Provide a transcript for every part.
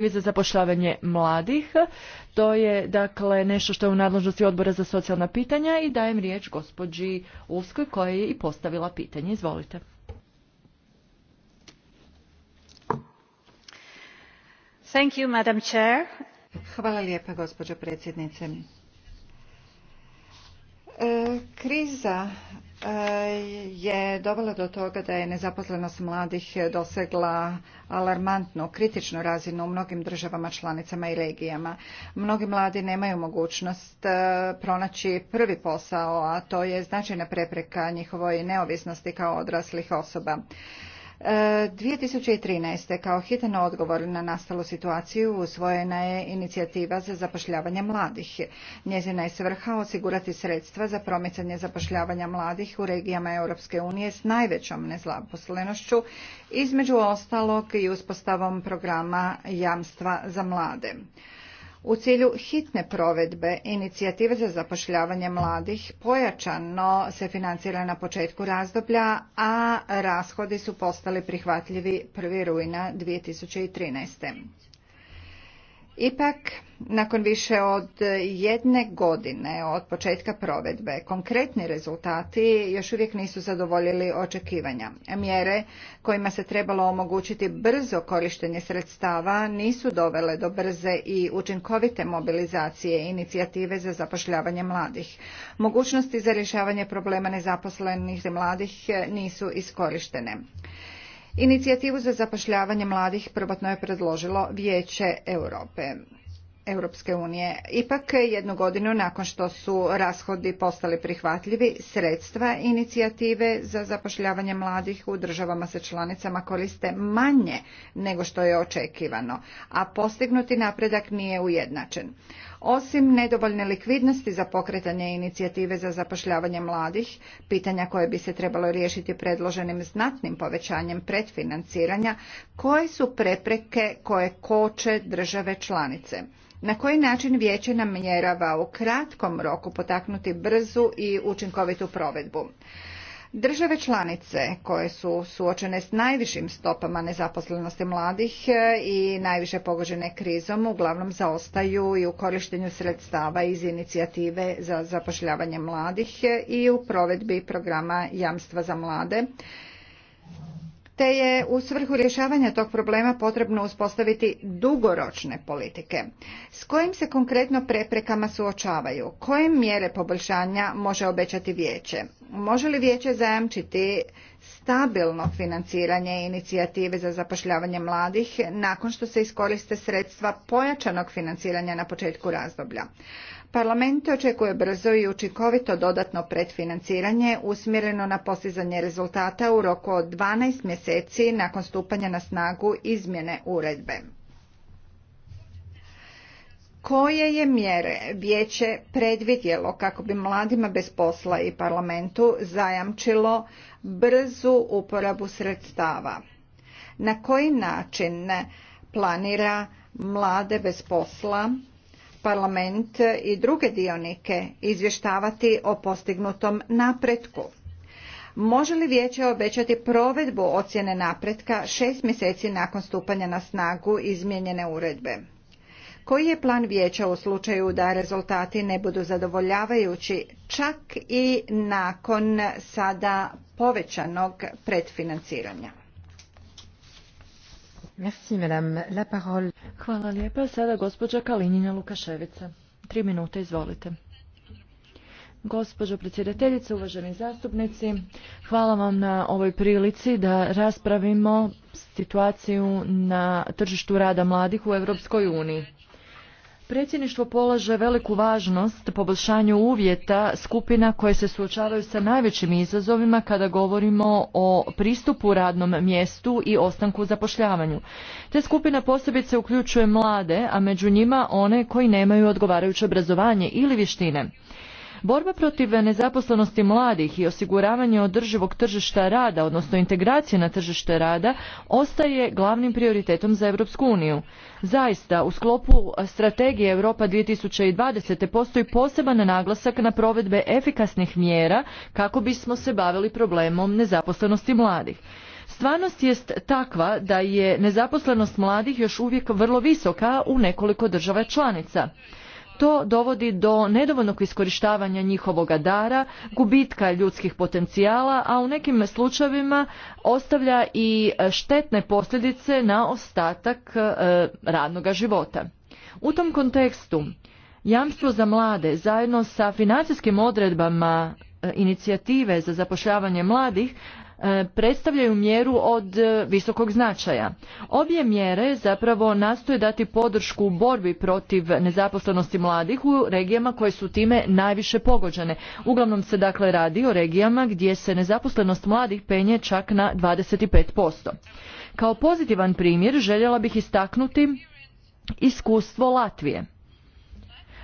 za zapošljavanje mladih. To je dakle nešto što je u nadležnosti odbora za socijalna pitanja i dajem riječ gospođi Uskoj koja je i postavila pitanje. Izvolite. Thank you, Madam Chair. Hvala lijepa gospođo predsjednice. E, kriza e, je dovela do toga da je nezaposlenost mladih dosegla alarmantnu, kritičnu razinu u mnogim državama, članicama i regijama. Mnogi mladi nemaju mogućnost e, pronaći prvi posao, a to je značajna prepreka njihovoj neovisnosti kao odraslih osoba. 2013. E, kao hitan odgovor na nastalu situaciju usvojena je inicijativa za zapošljavanje mladih. Njezina je svrha osigurati sredstva za promicanje zapošljavanja mladih u regijama Europske unije s najvećom nezaposlenošću, između ostalog i uspostavom programa jamstva za mlade. U cilju hitne provedbe inicijative za zapošljavanje mladih pojačano se financira na početku razdoblja, a rashodi su postali prihvatljivi 1. rujna 2013. Ipak, nakon više od jedne godine od početka provedbe, konkretni rezultati još uvijek nisu zadovoljili očekivanja. Mjere kojima se trebalo omogućiti brzo korištenje sredstava nisu dovele do brze i učinkovite mobilizacije inicijative za zapošljavanje mladih. Mogućnosti za rješavanje problema nezaposlenih mladih nisu iskorištene. Inicijativu za zapošljavanje mladih prvotno je predložilo Vijeće Europe. Europske unije. Ipak jednu godinu nakon što su rashodi postali prihvatljivi, sredstva inicijative za zapošljavanje mladih u državama se članicama koriste manje nego što je očekivano, a postignuti napredak nije ujednačen. Osim nedovoljne likvidnosti za pokretanje inicijative za zapošljavanje mladih, pitanja koje bi se trebalo riješiti predloženim znatnim povećanjem pretfinanciranja, koje su prepreke koje koče države članice? Na koji način vijeće namjerava u kratkom roku potaknuti brzu i učinkovitu provedbu? Države članice koje su suočene s najvišim stopama nezaposlenosti mladih e, i najviše pogođene krizom uglavnom zaostaju i u korištenju sredstava iz inicijative za zapošljavanje mladih e, i u provedbi programa jamstva za mlade te je u svrhu rješavanja tog problema potrebno uspostaviti dugoročne politike. S kojim se konkretno preprekama suočavaju? Koje mjere poboljšanja može obećati vijeće? Može li vijeće zajamčiti stabilno financiranje inicijative za zapošljavanje mladih nakon što se iskoriste sredstva pojačanog financiranja na početku razdoblja? Parlament očekuje brzo i učinkovito dodatno predfinanciranje usmjereno na postizanje rezultata u roku od 12 mjeseci nakon stupanja na snagu izmjene uredbe. Koje je mjere vijeće predvidjelo kako bi mladima bez posla i parlamentu zajamčilo brzu uporabu sredstava? Na koji način planira mlade bez posla parlament i druge dionike izvještavati o postignutom napretku. Može li vijeće obećati provedbu ocjene napretka šest mjeseci nakon stupanja na snagu izmijenjene uredbe? Koji je plan vijeća u slučaju da rezultati ne budu zadovoljavajući čak i nakon sada povećanog pretfinanciranja? Hvala lijepa. Sada gospođa Kalinina Lukaševica. Tri minute, izvolite. Gospođo predsjedateljice, uvaženi zastupnici, hvala vam na ovoj prilici da raspravimo situaciju na tržištu rada mladih u Europskoj uniji. Predsjedništvo polaže veliku važnost poboljšanju uvjeta skupina koje se suočavaju sa najvećim izazovima kada govorimo o pristupu radnom mjestu i ostanku zapošljavanju. Te skupina posebice uključuje mlade, a među njima one koji nemaju odgovarajuće obrazovanje ili vještine. Borba protiv nezaposlenosti mladih i osiguravanje održivog tržišta rada, odnosno integracije na tržište rada, ostaje glavnim prioritetom za Europsku uniju. Zaista, u sklopu strategije Europa 2020. postoji poseban naglasak na provedbe efikasnih mjera kako bismo se bavili problemom nezaposlenosti mladih. Stvarnost jest takva da je nezaposlenost mladih još uvijek vrlo visoka u nekoliko država članica. To dovodi do nedovoljnog iskorištavanja njihovoga dara, gubitka ljudskih potencijala, a u nekim slučajevima ostavlja i e, štetne posljedice na ostatak e, radnoga života. U tom kontekstu jamstvo za mlade zajedno sa financijskim odredbama e, inicijative za zapošljavanje mladih E, predstavljaju mjeru od e, visokog značaja. Obje mjere zapravo nastoje dati podršku u borbi protiv nezaposlenosti mladih u regijama koje su time najviše pogođene. Uglavnom se dakle radi o regijama gdje se nezaposlenost mladih penje čak na 25%. Kao pozitivan primjer željela bih istaknuti iskustvo Latvije.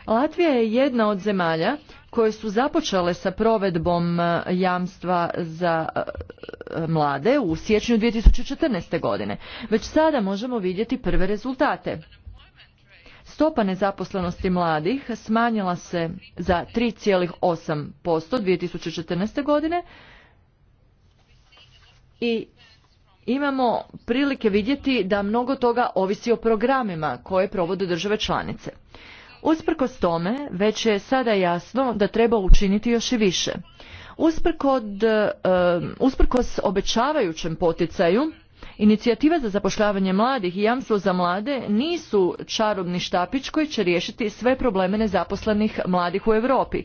Latvija je jedna od zemalja koje su započele sa provedbom e, jamstva za e, e, mlade u siječnju 2014. godine. Već sada možemo vidjeti prve rezultate. Stopa nezaposlenosti mladih smanjila se za 3,8% 2014. godine i imamo prilike vidjeti da mnogo toga ovisi o programima koje provode države članice. Usprkos tome, već je sada jasno da treba učiniti još i više. usprkos obećavajućem poticaju, Inicijativa za zapošljavanje mladih i jamstvo za mlade nisu čarobni štapić koji će riješiti sve probleme nezaposlenih mladih u Europi.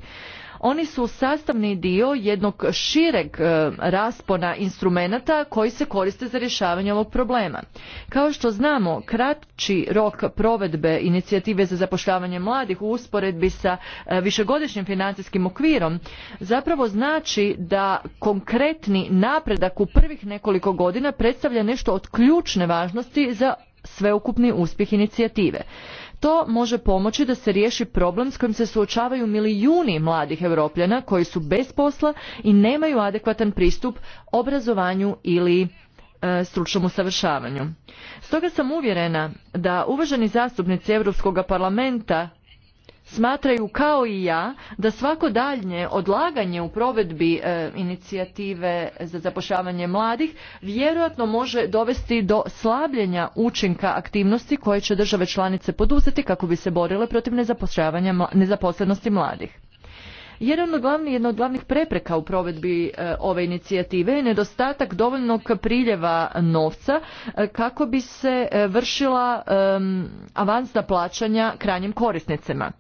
Oni su sastavni dio jednog šireg e, raspona instrumenata koji se koriste za rješavanje ovog problema. Kao što znamo, kratči rok provedbe inicijative za zapošljavanje mladih u usporedbi sa e, višegodišnjim financijskim okvirom zapravo znači da konkretni napredak u prvih nekoliko godina predstavlja nešto od ključne važnosti za sveukupni uspjeh inicijative. To može pomoći da se riješi problem s kojim se suočavaju milijuni mladih europljana koji su bez posla i nemaju adekvatan pristup obrazovanju ili e, stručnom usavršavanju. Stoga sam uvjerena da uvaženi zastupnici Europskog parlamenta smatraju kao i ja da svako daljnje odlaganje u provedbi e, inicijative za zapošljavanje mladih vjerojatno može dovesti do slabljenja učinka aktivnosti koje će države članice poduzeti kako bi se borile protiv nezaposlenosti mladih. Jedan od glavni, jedna od glavnih prepreka u provedbi e, ove inicijative je nedostatak dovoljnog priljeva novca e, kako bi se e, vršila avansna plaćanja krajnjim korisnicima.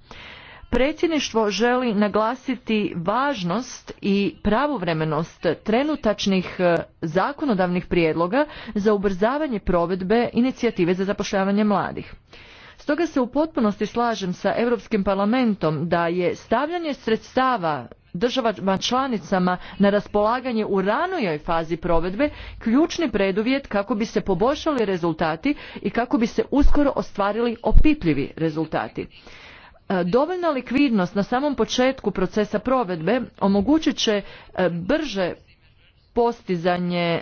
Predsjedništvo želi naglasiti važnost i pravovremenost trenutačnih zakonodavnih prijedloga za ubrzavanje provedbe inicijative za zapošljavanje mladih. Stoga se u potpunosti slažem sa Europskim parlamentom da je stavljanje sredstava državama članicama na raspolaganje u ranojoj fazi provedbe ključni preduvjet kako bi se poboljšali rezultati i kako bi se uskoro ostvarili opipljivi rezultati. E, dovoljna likvidnost na samom početku procesa provedbe omogućit će e, brže postizanje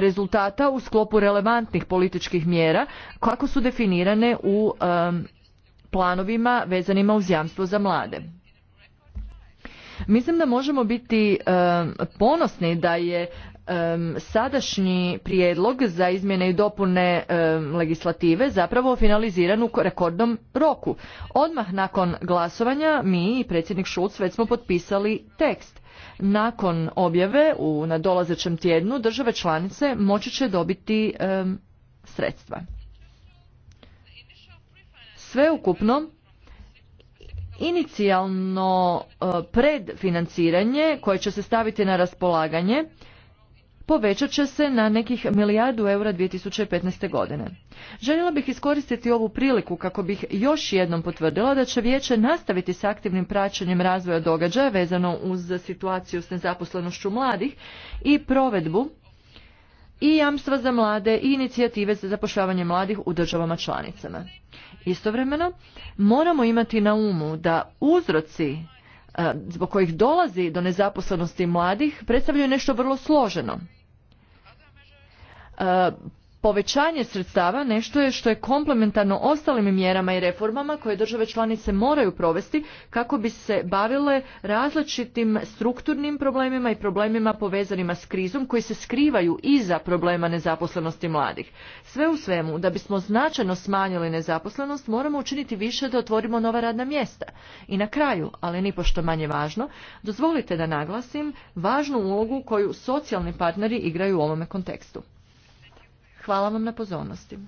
rezultata u sklopu relevantnih političkih mjera kako su definirane u planovima vezanima uz jamstvo za mlade. Mislim da možemo biti ponosni da je sadašnji prijedlog za izmjene i dopune legislative zapravo finaliziran u rekordnom roku. Odmah nakon glasovanja mi i predsjednik Šulc već smo potpisali tekst. Nakon objave u nadolazećem tjednu države članice moći će dobiti e, sredstva. Sveukupno, inicijalno e, predfinanciranje koje će se staviti na raspolaganje povećat će se na nekih milijardu eura 2015. godine. Željela bih iskoristiti ovu priliku kako bih još jednom potvrdila da će vijeće nastaviti s aktivnim praćenjem razvoja događaja vezano uz situaciju s nezaposlenošću mladih i provedbu i jamstva za mlade i inicijative za zapošljavanje mladih u državama članicama. Istovremeno, moramo imati na umu da uzroci e, zbog kojih dolazi do nezaposlenosti mladih predstavljaju nešto vrlo složeno. E, povećanje sredstava nešto je što je komplementarno ostalim mjerama i reformama koje države članice moraju provesti kako bi se bavile različitim strukturnim problemima i problemima povezanima s krizom koji se skrivaju iza problema nezaposlenosti mladih. Sve u svemu, da bismo značajno smanjili nezaposlenost, moramo učiniti više da otvorimo nova radna mjesta. I na kraju, ali nipošto manje važno, dozvolite da naglasim važnu ulogu koju socijalni partneri igraju u ovome kontekstu. Hvala vam na pozornosti.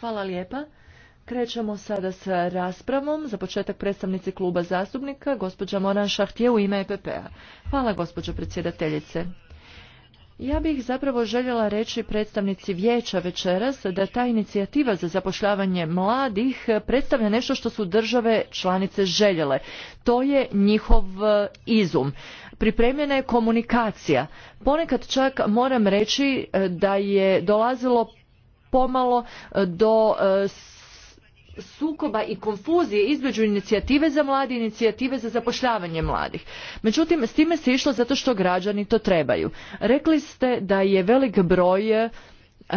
Hvala lijepa. Krećemo sada sa raspravom. Za početak predstavnici kluba zastupnika, gospođa Moran Šahtije u ime EPP-a. Hvala gospođo predsjedateljice. Ja bih zapravo željela reći predstavnici vijeća večeras da ta inicijativa za zapošljavanje mladih predstavlja nešto što su države članice željele. To je njihov e, izum pripremljena je komunikacija. Ponekad čak moram reći e, da je dolazilo pomalo e, do e, sukoba i konfuzije između inicijative za mlade i inicijative za zapošljavanje mladih. Međutim, s time se išlo zato što građani to trebaju. Rekli ste da je velik broj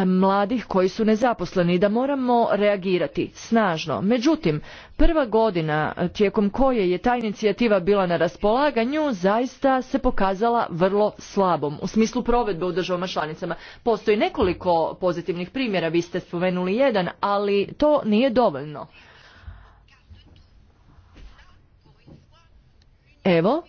mladih koji su nezaposleni i da moramo reagirati snažno. Međutim, prva godina e, tijekom koje je ta inicijativa bila na raspolaganju zaista se pokazala vrlo slabom u smislu provedbe u državama članicama. Postoji nekoliko pozitivnih primjera, vi ste spomenuli jedan, ali to nije dovoljno. Evo,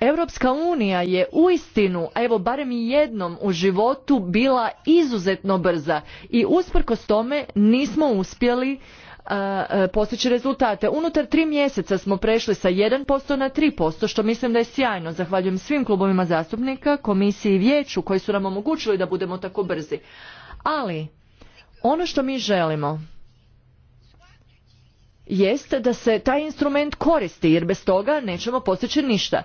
Europska unija je uistinu, a evo barem i jednom u životu bila izuzetno brza i usprkos tome nismo uspjeli uh, uh, postići rezultate. Unutar tri mjeseca smo prešli sa 1% na 3%, što mislim da je sjajno. Zahvaljujem svim klubovima zastupnika, komisiji i vijeću koji su nam omogućili da budemo tako brzi. Ali, ono što mi želimo jeste da se taj instrument koristi, jer bez toga nećemo postići ništa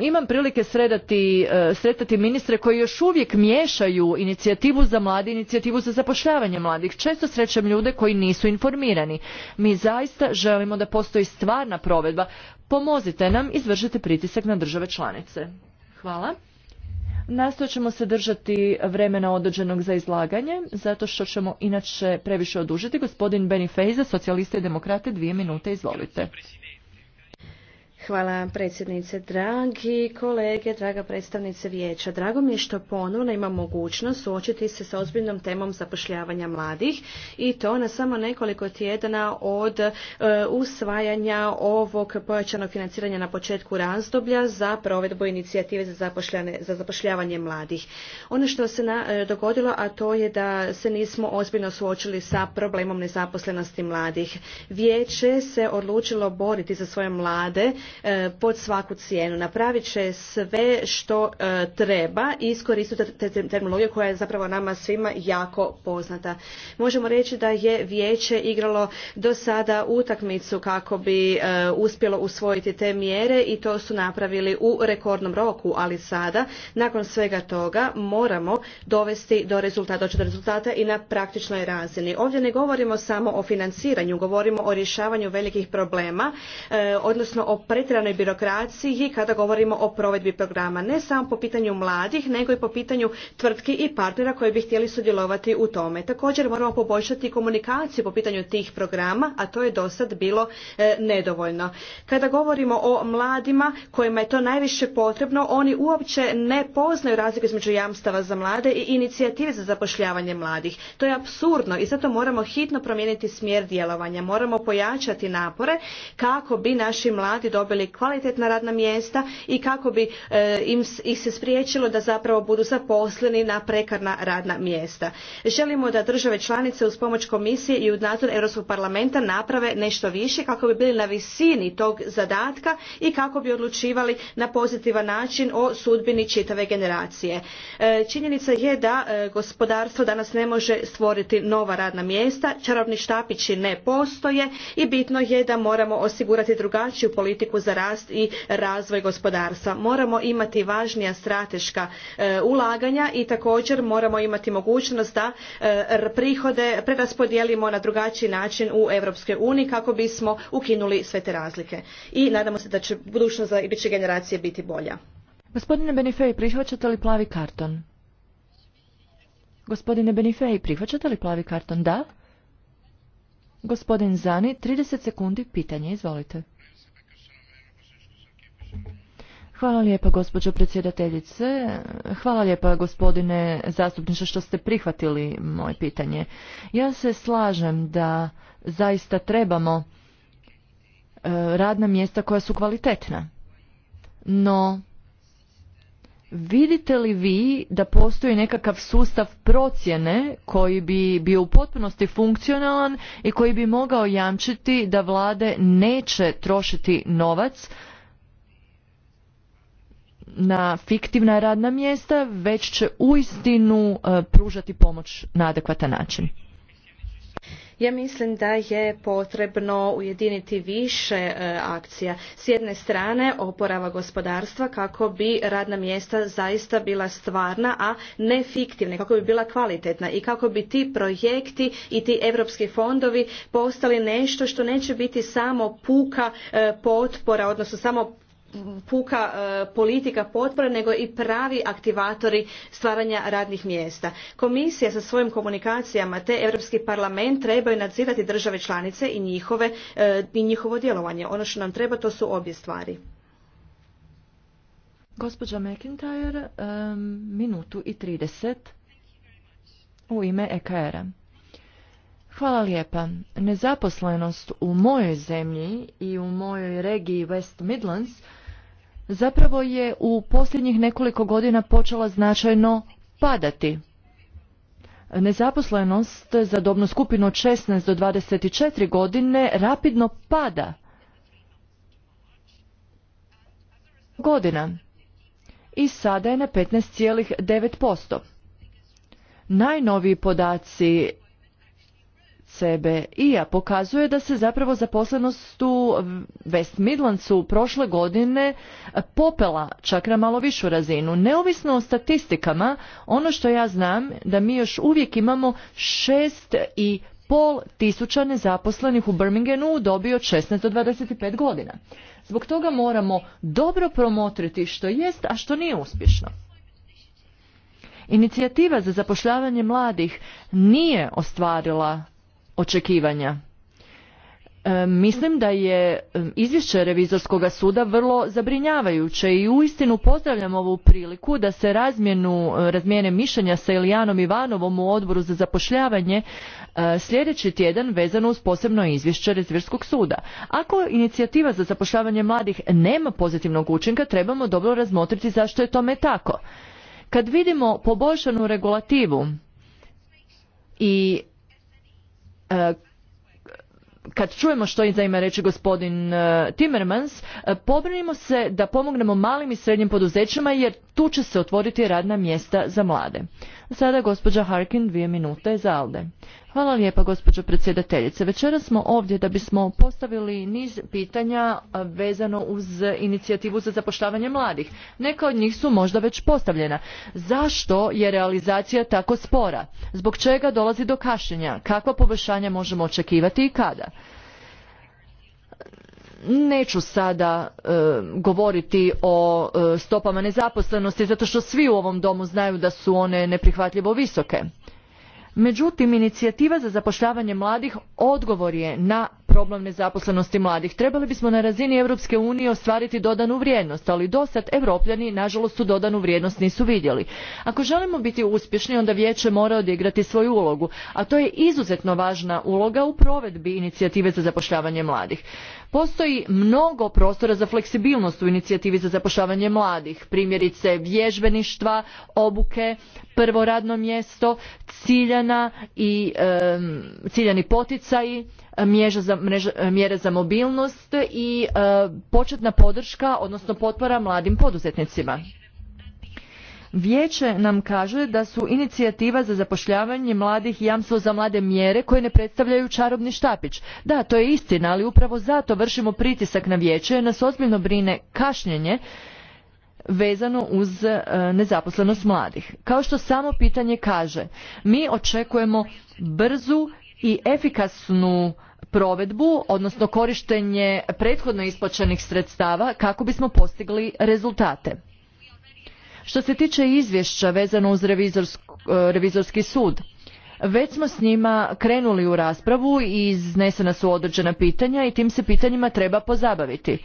imam prilike e, sretati ministre koji još uvijek miješaju inicijativu za mlade i inicijativu za zapošljavanje mladih. Često srećem ljude koji nisu informirani. Mi zaista želimo da postoji stvarna provedba. Pomozite nam, izvršite pritisak na države članice. Hvala. Nastojat ćemo se držati vremena određenog za izlaganje, zato što ćemo inače previše odužiti. Gospodin Beni socijaliste i demokrate, dvije minute, izvolite. Hvala predsjednice, dragi kolege, draga predstavnice vijeća. Drago mi je što ponovno ima mogućnost suočiti se sa ozbiljnom temom zapošljavanja mladih i to na samo nekoliko tjedana od e, usvajanja ovog pojačanog financiranja na početku razdoblja za provedbu inicijative za, za zapošljavanje mladih. Ono što se e, dogodilo, a to je da se nismo ozbiljno suočili sa problemom nezaposlenosti mladih. Vijeće se odlučilo boriti za svoje mlade E, pod svaku cijenu. Napravit će sve što e, treba i iskoristiti te terminologije koja je zapravo nama svima jako poznata. Možemo reći da je vijeće igralo do sada utakmicu kako bi e, uspjelo usvojiti te mjere i to su napravili u rekordnom roku, ali sada nakon svega toga moramo dovesti do rezultata, do rezultata i na praktičnoj razini. Ovdje ne govorimo samo o financiranju, govorimo o rješavanju velikih problema, odnosno o pretjeranoj birokraciji kada govorimo o provedbi programa, ne samo po pitanju mladih, nego i po pitanju tvrtki i partnera koji bi htjeli sudjelovati u tome. Također moramo poboljšati komunikaciju po pitanju tih programa, a to je do bilo e, nedovoljno. Kada govorimo o mladima kojima je to najviše potrebno, oni uopće ne poznaju razliku između jamstava za mlade i inicijative za zapošljavanje mladih. To je apsurdno i zato moramo hitno promijeniti smjer djelovanja. Moramo pojačati napore kako bi naši mladi dobili dobili kvalitetna radna mjesta i kako bi e, im, ih se spriječilo da zapravo budu zaposleni na prekarna radna mjesta. Želimo da države članice uz pomoć komisije i u nadzor Europskog parlamenta naprave nešto više kako bi bili na visini tog zadatka i kako bi odlučivali na pozitivan način o sudbini čitave generacije. E, činjenica je da e, gospodarstvo danas ne može stvoriti nova radna mjesta, čarobni štapići ne postoje i bitno je da moramo osigurati drugačiju politiku za rast i razvoj gospodarstva. Moramo imati važnija strateška e, ulaganja i također moramo imati mogućnost da e, prihode preraspodijelimo na drugačiji način u Europskoj uniji kako bismo ukinuli sve te razlike. I nadamo se da će budućnost za iduće generacije biti bolja. Gospodine Benifei, prihvaćate li plavi karton? Gospodine Benifei, prihvaćate li plavi karton? Da. Gospodin Zani, 30 sekundi, pitanje, izvolite. Hvala lijepa gospođo predsjedateljice. Hvala lijepa gospodine zastupniče što ste prihvatili moje pitanje. Ja se slažem da zaista trebamo e, radna mjesta koja su kvalitetna. No, vidite li vi da postoji nekakav sustav procjene koji bi bio u potpunosti funkcionalan i koji bi mogao jamčiti da vlade neće trošiti novac na fiktivna radna mjesta, već će uistinu e, pružati pomoć na adekvatan način. Ja mislim da je potrebno ujediniti više e, akcija. S jedne strane oporava gospodarstva kako bi radna mjesta zaista bila stvarna, a ne fiktivna, kako bi bila kvalitetna i kako bi ti projekti i ti europski fondovi postali nešto što neće biti samo puka e, potpora, odnosno samo puka e, politika potpore nego i pravi aktivatori stvaranja radnih mjesta. Komisija sa svojim komunikacijama te Europski parlament trebaju nadzirati države članice i, njihove, e, i njihovo djelovanje. Ono što nam treba to su obje stvari. Gospođa McIntyre, e, minutu i 30 u ime EKR-a. Hvala lijepa. Nezaposlenost u mojoj zemlji i u mojoj regiji West Midlands zapravo je u posljednjih nekoliko godina počela značajno padati. Nezaposlenost za dobnu skupinu od 16 do 24 godine rapidno pada godina i sada je na 15,9%. Najnoviji podaci i ja pokazuje da se zapravo zaposlenost u West Midlandsu prošle godine popela čak na malo višu razinu. Neovisno o statistikama, ono što ja znam da mi još uvijek imamo šest i pol tisuća nezaposlenih u Birminghamu u dobi od 16 do 25 godina. Zbog toga moramo dobro promotriti što jest, a što nije uspješno. Inicijativa za zapošljavanje mladih nije ostvarila očekivanja. E, mislim da je e, izvješće revizorskog suda vrlo zabrinjavajuće i uistinu pozdravljam ovu priliku da se razmjenu, e, razmijene mišljenja sa Ilijanom Ivanovom u odboru za zapošljavanje sljedeći tjedan vezano uz posebno izvješće revizorskog suda. Ako inicijativa za zapošljavanje mladih nema pozitivnog učinka, trebamo dobro razmotriti zašto je tome tako. Kad vidimo poboljšanu regulativu i E, kad čujemo što iza ima reći gospodin e, Timmermans, e, pobrinimo se da pomognemo malim i srednjim poduzećima jer tu će se otvoriti radna mjesta za mlade. Sada gospođa Harkin dvije minute za Alde. Hvala lijepa gospođo predsjedateljice. Večeras smo ovdje da bismo postavili niz pitanja vezano uz inicijativu za zapošljavanje mladih. Neka od njih su možda već postavljena. Zašto je realizacija tako spora? Zbog čega dolazi do kašenja? Kakva poboljšanja možemo očekivati i kada? neću sada e, govoriti o e, stopama nezaposlenosti zato što svi u ovom domu znaju da su one neprihvatljivo visoke Međutim, inicijativa za zapošljavanje mladih odgovor je na problem nezaposlenosti mladih. Trebali bismo na razini Europske unije ostvariti dodanu vrijednost, ali dosad Evropljani, nažalost, tu dodanu vrijednost nisu vidjeli. Ako želimo biti uspješni, onda vijeće mora odigrati svoju ulogu, a to je izuzetno važna uloga u provedbi inicijative za zapošljavanje mladih. Postoji mnogo prostora za fleksibilnost u inicijativi za zapošljavanje mladih, primjerice vježbeništva, obuke, prvo radno mjesto, ciljana i ciljani poticaji, mjere za mobilnost i e, početna podrška, odnosno potpora mladim poduzetnicima. Vijeće nam kaže da su inicijativa za zapošljavanje mladih jamstvo za mlade mjere koje ne predstavljaju čarobni štapić. Da, to je istina, ali upravo zato vršimo pritisak na vijeće jer nas ozbiljno brine kašnjenje vezano uz e, nezaposlenost mladih. Kao što samo pitanje kaže, mi očekujemo brzu i efikasnu provedbu, odnosno korištenje prethodno isplaćenih sredstava kako bismo postigli rezultate. Što se tiče izvješća vezano uz e, revizorski sud, već smo s njima krenuli u raspravu i iznesena su određena pitanja i tim se pitanjima treba pozabaviti.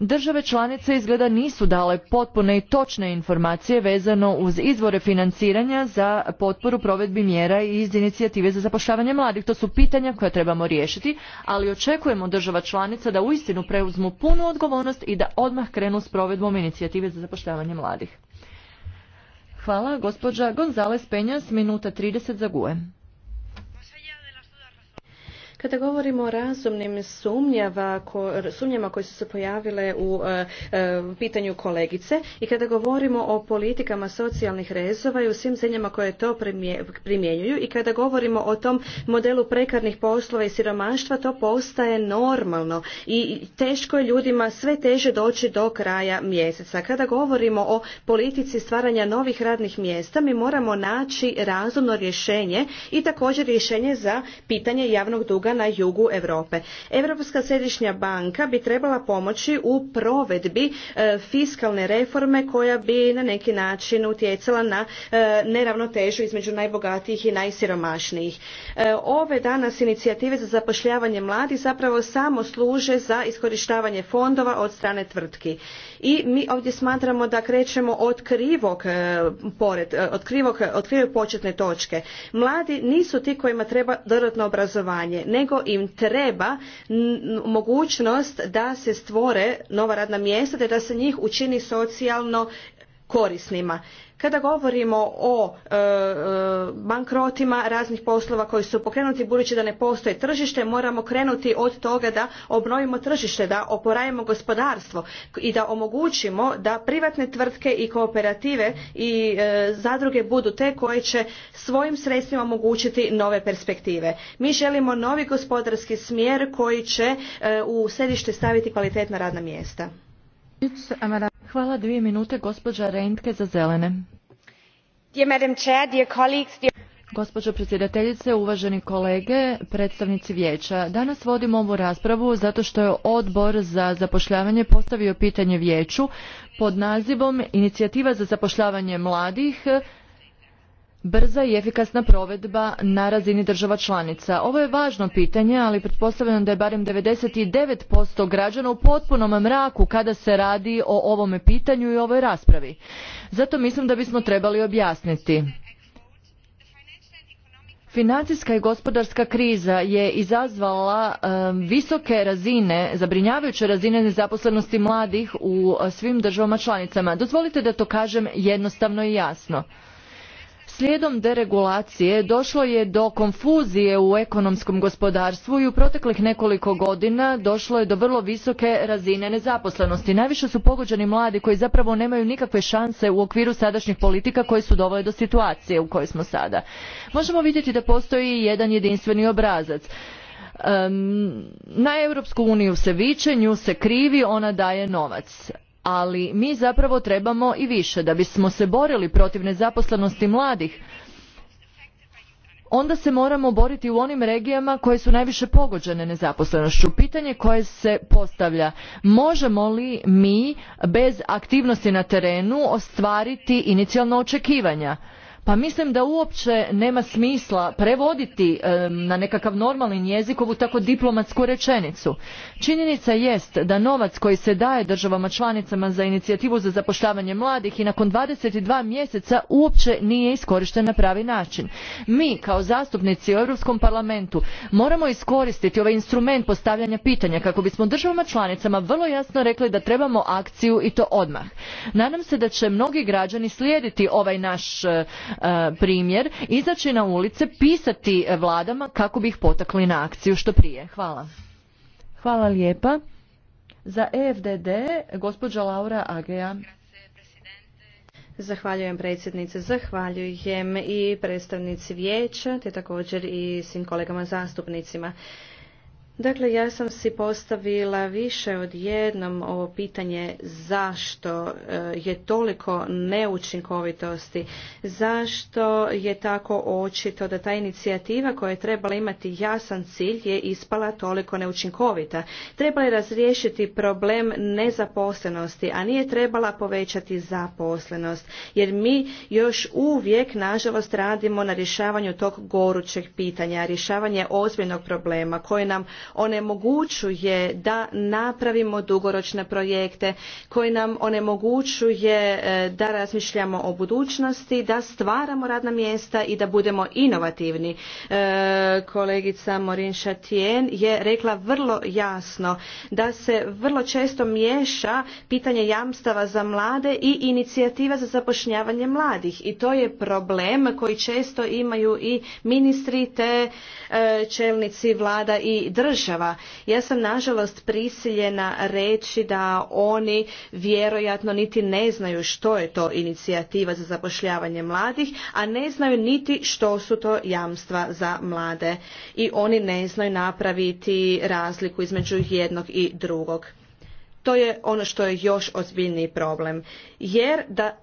Države članice izgleda nisu dale potpune i točne informacije vezano uz izvore financiranja za potporu provedbi mjera iz inicijative za zapošljavanje mladih. To su pitanja koja trebamo riješiti, ali očekujemo država članica da uistinu preuzmu punu odgovornost i da odmah krenu s provedbom inicijative za zapošljavanje mladih. Hvala, gospođa Gonzales Penjas, minuta 30 za GUE. Kada govorimo o razumnim sumnjama koje su se pojavile e, e, u pitanju kolegice i kada govorimo o politikama socijalnih rezova i u svim zemljama koje to primjenjuju i kada govorimo o tom modelu prekarnih poslova i siromaštva, to postaje normalno i teško je ljudima sve teže doći do kraja mjeseca. Kada govorimo o politici stvaranja novih radnih mjesta, mi moramo naći razumno rješenje i također rješenje za pitanje javnog duga duga na jugu Europe. Europska središnja banka bi trebala pomoći u provedbi e, fiskalne reforme koja bi na neki način utjecala na e, neravnotežu između najbogatijih i najsiromašnijih. E, ove danas inicijative za zapošljavanje mladih zapravo samo služe za iskorištavanje fondova od strane tvrtki i mi ovdje smatramo da krećemo od krivog e, pored, e, od krivog, e, od krivog početne točke. Mladi nisu ti kojima treba dodatno obrazovanje, nego im treba mogućnost da se stvore nova radna mjesta te da se njih učini socijalno korisnima kada govorimo o e, e, bankrotima raznih poslova koji su pokrenuti, budući da ne postoje tržište, moramo krenuti od toga da obnovimo tržište, da oporavimo gospodarstvo i da omogućimo da privatne tvrtke i kooperative i e, zadruge budu te koje će svojim sredstvima omogućiti nove perspektive. Mi želimo novi gospodarski smjer koji će u središte staviti kvalitetna radna mjesta. Hvala dvije minute, gospođa Rentke za zelene. Gospođo predsjedateljice, uvaženi kolege, predstavnici vijeća, danas vodim ovu raspravu zato što je odbor za zapošljavanje postavio pitanje vijeću pod nazivom Inicijativa za zapošljavanje mladih brza i efikasna provedba na razini država članica. Ovo je važno pitanje, ali pretpostavljam da je barem 99% građana u potpunom mraku kada se radi o ovome pitanju i ovoj raspravi. Zato mislim da bismo trebali objasniti. Financijska i gospodarska kriza je izazvala visoke razine, zabrinjavajuće razine nezaposlenosti mladih u svim državama članicama. Dozvolite da to kažem jednostavno i jasno. Slijedom deregulacije došlo je do konfuzije u ekonomskom gospodarstvu i u proteklih nekoliko godina došlo je do vrlo visoke razine nezaposlenosti. Najviše su pogođeni mladi koji zapravo nemaju nikakve šanse u okviru sadašnjih politika koje su dovele do situacije u kojoj smo sada. Možemo vidjeti da postoji jedan jedinstveni obrazac. na Europsku uniju se viče, nju se krivi, ona daje novac ali mi zapravo trebamo i više da bismo se borili protiv nezaposlenosti mladih onda se moramo boriti u onim regijama koje su najviše pogođene nezaposlenošću. Pitanje koje se postavlja, možemo li mi bez aktivnosti na terenu ostvariti inicijalna očekivanja? pa mislim da uopće nema smisla prevoditi e, na nekakav normalni jezik ovu tako diplomatsku rečenicu. Činjenica jest da novac koji se daje državama članicama za inicijativu za zapošljavanje mladih i nakon 22 mjeseca uopće nije iskorišten na pravi način. Mi kao zastupnici u Europskom parlamentu moramo iskoristiti ovaj instrument postavljanja pitanja kako bismo državama članicama vrlo jasno rekli da trebamo akciju i to odmah. Nadam se da će mnogi građani slijediti ovaj naš e, E, primjer, izaći na ulice, pisati vladama kako bi ih potakli na akciju što prije. Hvala. Hvala lijepa. Za EFDD, gospođa Laura Agea. Zahvaljujem predsjednice, zahvaljujem i predstavnici vijeća, te također i svim kolegama zastupnicima. Dakle, ja sam si postavila više od jednom ovo pitanje zašto e, je toliko neučinkovitosti, zašto je tako očito da ta inicijativa koja je trebala imati jasan cilj je ispala toliko neučinkovita. Trebala je razriješiti problem nezaposlenosti, a nije trebala povećati zaposlenost, jer mi još uvijek, nažalost, radimo na rješavanju tog gorućeg pitanja, rješavanje ozbiljnog problema koje nam onemogućuje da napravimo dugoročne projekte koji nam onemogućuje e, da razmišljamo o budućnosti da stvaramo radna mjesta i da budemo inovativni e, kolegica Morin Šatijen je rekla vrlo jasno da se vrlo često miješa pitanje jamstava za mlade i inicijativa za zapošljavanje mladih i to je problem koji često imaju i ministri te e, čelnici vlada i drava država. Ja sam nažalost prisiljena reći da oni vjerojatno niti ne znaju što je to inicijativa za zapošljavanje mladih, a ne znaju niti što su to jamstva za mlade i oni ne znaju napraviti razliku između jednog i drugog. To je ono što je još ozbiljniji problem. Jer da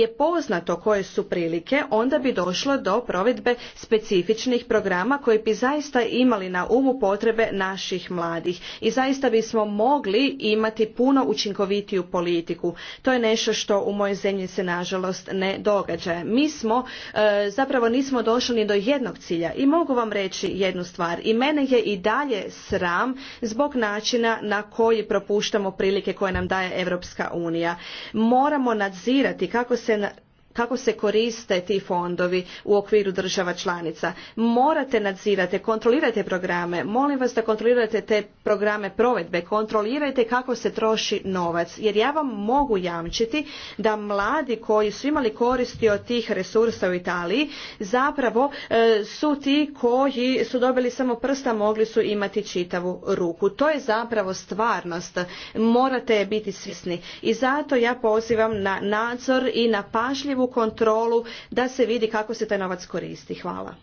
je poznato koje su prilike, onda bi došlo do provedbe specifičnih programa koji bi zaista imali na umu potrebe naših mladih i zaista bismo mogli imati puno učinkovitiju politiku. To je nešto što u mojoj zemlji se nažalost ne događa. Mi smo, e, zapravo nismo došli ni do jednog cilja i mogu vam reći jednu stvar. I mene je i dalje sram zbog načina na koji propuštamo prilike koje nam daje Europska unija. Moramo nadzirati kako se kako se koriste ti fondovi u okviru država članica. Morate nadzirate, kontrolirajte programe, molim vas da kontrolirate te programe provedbe, kontrolirajte kako se troši novac, jer ja vam mogu jamčiti da mladi koji su imali koristi od tih resursa u Italiji zapravo e, su ti koji su dobili samo prsta, mogli su imati čitavu ruku. To je zapravo stvarnost. Morate biti svjesni. I zato ja pozivam na nadzor i na pažljivu kontrolu da se vidi kako se taj novac koristi. Hvala.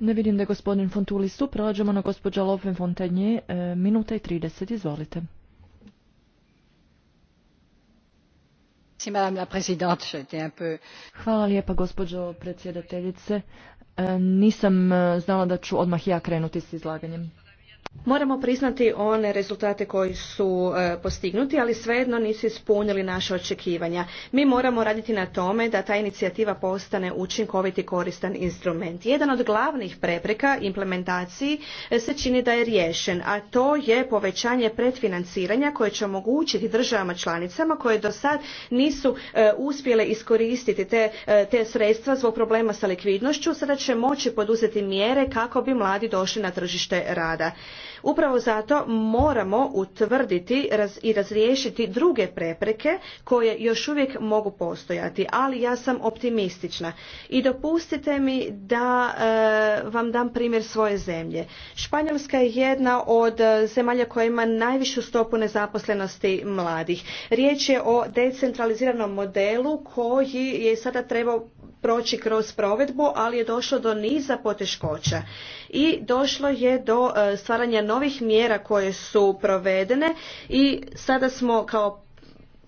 Ne vidim da je gospodin Fontulisu. tu. na gospođa Lofen Fontanje. E, minuta i 30. Izvolite. Hvala lijepa gospođo predsjedateljice. E, nisam e, znala da ću odmah ja krenuti s izlaganjem. Moramo priznati one rezultate koji su e, postignuti, ali svejedno nisu ispunili naše očekivanja. Mi moramo raditi na tome da ta inicijativa postane učinkoviti koristan instrument. Jedan od glavnih prepreka implementaciji e, se čini da je riješen, a to je povećanje predfinanciranja koje će omogućiti državama članicama koje do sad nisu e, uspjele iskoristiti te, te sredstva zbog problema sa likvidnošću, sada će moći poduzeti mjere kako bi mladi došli na tržište rada. Upravo zato moramo utvrditi i razriješiti druge prepreke koje još uvijek mogu postojati, ali ja sam optimistična. I dopustite mi da eh, vam dam primjer svoje zemlje. Španjolska je jedna od eh, zemalja koja ima najvišu stopu nezaposlenosti mladih. Riječ je o decentraliziranom modelu koji je sada trebao proći kroz provedbu, ali je došlo do niza poteškoća i došlo je do e, stvaranja novih mjera koje su provedene i sada smo kao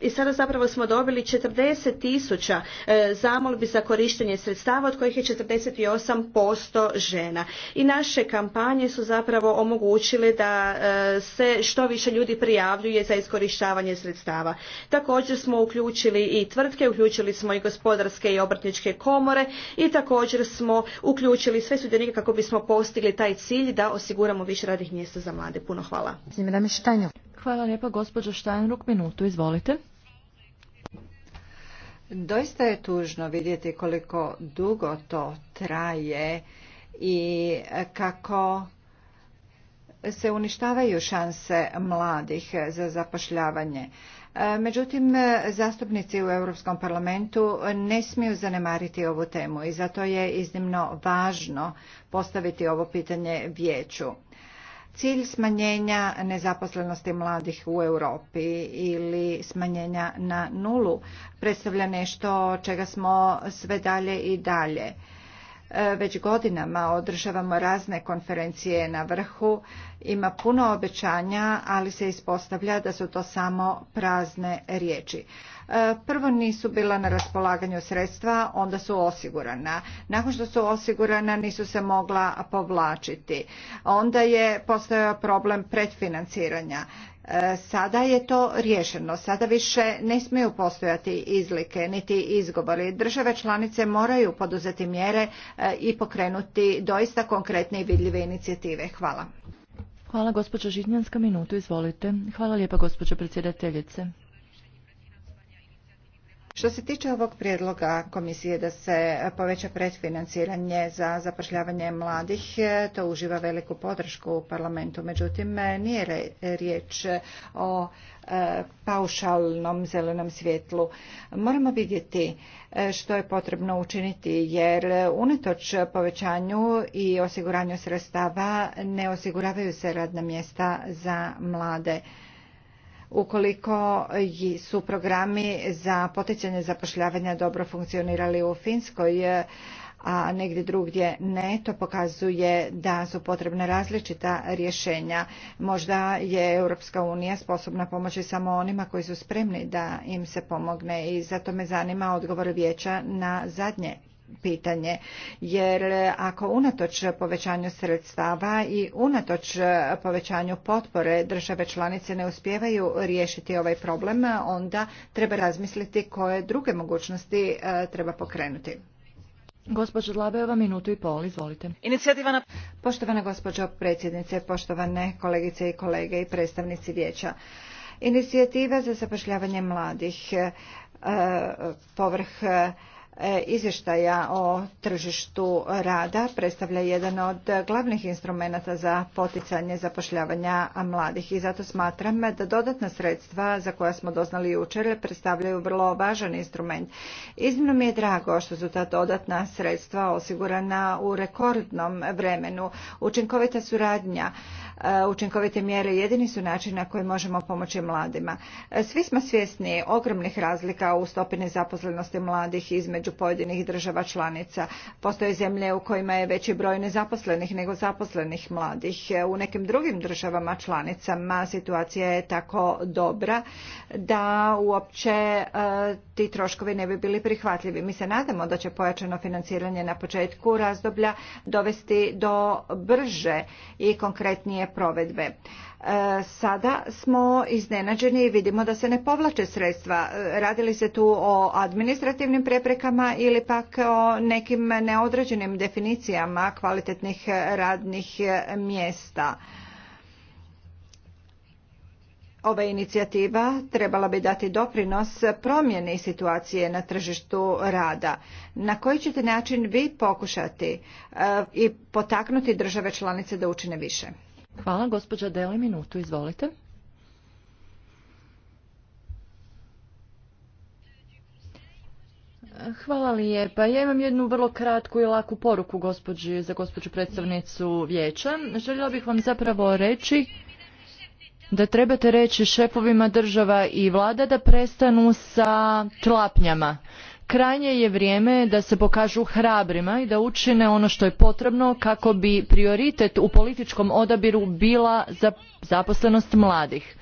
i sada zapravo smo dobili 40 tisuća e, zamolbi za korištenje sredstava od kojih je 48% žena. I naše kampanje su zapravo omogućile da e, se što više ljudi prijavljuje za iskorištavanje sredstava. Također smo uključili i tvrtke, uključili smo i gospodarske i obrtničke komore i također smo uključili sve sudionike kako bismo postigli taj cilj da osiguramo više radnih mjesta za mlade. Puno hvala. Hvala lijepa gospođo Štajnruk, minutu, izvolite. Doista je tužno vidjeti koliko dugo to traje i kako se uništavaju šanse mladih za zapošljavanje. E, međutim, zastupnici u Europskom parlamentu ne smiju zanemariti ovu temu i zato je iznimno važno postaviti ovo pitanje vijeću cilj smanjenja nezaposlenosti mladih u Europi ili smanjenja na nulu predstavlja nešto čega smo sve dalje i dalje. E, već godinama održavamo razne konferencije na vrhu. Ima puno obećanja, ali se ispostavlja da su to samo prazne riječi. E, prvo nisu bila na raspolaganju sredstva, onda su osigurana. Nakon što su osigurana nisu se mogla povlačiti. Onda je postojao problem predfinanciranja. E, sada je to riješeno, sada više ne smiju postojati izlike niti izgovori. Države članice moraju poduzeti mjere e, i pokrenuti doista konkretne i vidljive inicijative. Hvala. Hvala gospođo Žitnjanska, minutu izvolite. Hvala lijepa gospođo predsjedateljice. Što se tiče ovog prijedloga komisije da se poveća predfinanciranje za zapošljavanje mladih, to uživa veliku podršku u parlamentu. Međutim, nije riječ o e, paušalnom zelenom svjetlu. Moramo vidjeti e, što je potrebno učiniti jer unatoč povećanju i osiguranju sredstava ne osiguravaju se radna mjesta za mlade ukoliko su programi za poticanje zapošljavanja dobro funkcionirali u Finskoj, a negdje drugdje ne, to pokazuje da su potrebna različita rješenja. Možda je Europska unija sposobna pomoći samo onima koji su spremni da im se pomogne i zato me zanima odgovor vijeća na zadnje pitanje jer ako unatoč povećanju sredstava i unatoč povećanju potpore države članice ne uspijevaju riješiti ovaj problem onda treba razmisliti koje druge mogućnosti e, treba pokrenuti. Gospođo Dlabeva, minutu i pol, izvolite. Inicijativa na... Poštovana gospođo predsjednice, poštovane kolegice i kolege i predstavnici vijeća. Inicijativa za zapošljavanje mladih e, e, povrh E, izvještaja o tržištu rada predstavlja jedan od glavnih instrumenata za poticanje zapošljavanja mladih i zato smatram da dodatna sredstva za koja smo doznali jučer predstavljaju vrlo važan instrument. Iznimno mi je drago što su ta dodatna sredstva osigurana u rekordnom vremenu. Učinkovita suradnja učinkovite mjere jedini su način na koji možemo pomoći mladima. Svi smo svjesni ogromnih razlika u stopi nezaposlenosti mladih između pojedinih država članica. Postoje zemlje u kojima je veći broj nezaposlenih nego zaposlenih mladih. U nekim drugim državama članicama situacija je tako dobra da uopće e, ti troškovi ne bi bili prihvatljivi. Mi se nadamo da će pojačano financiranje na početku razdoblja dovesti do brže i konkretnije provedbe. E, sada smo iznenađeni i vidimo da se ne povlače sredstva. E, Radi li se tu o administrativnim preprekama ili pak o nekim neodređenim definicijama kvalitetnih radnih mjesta? Ova inicijativa trebala bi dati doprinos promjeni situacije na tržištu rada. Na koji ćete način vi pokušati e, i potaknuti države članice da učine više? Hvala, gospođa Deli, minutu, izvolite. Hvala lijepa. Ja imam jednu vrlo kratku i laku poruku za gospođu predstavnicu vijeća. Željela bih vam zapravo reći da trebate reći šefovima država i vlada da prestanu sa tlapnjama. Krajnje je vrijeme da se pokažu hrabrima i da učine ono što je potrebno kako bi prioritet u političkom odabiru bila za zaposlenost mladih.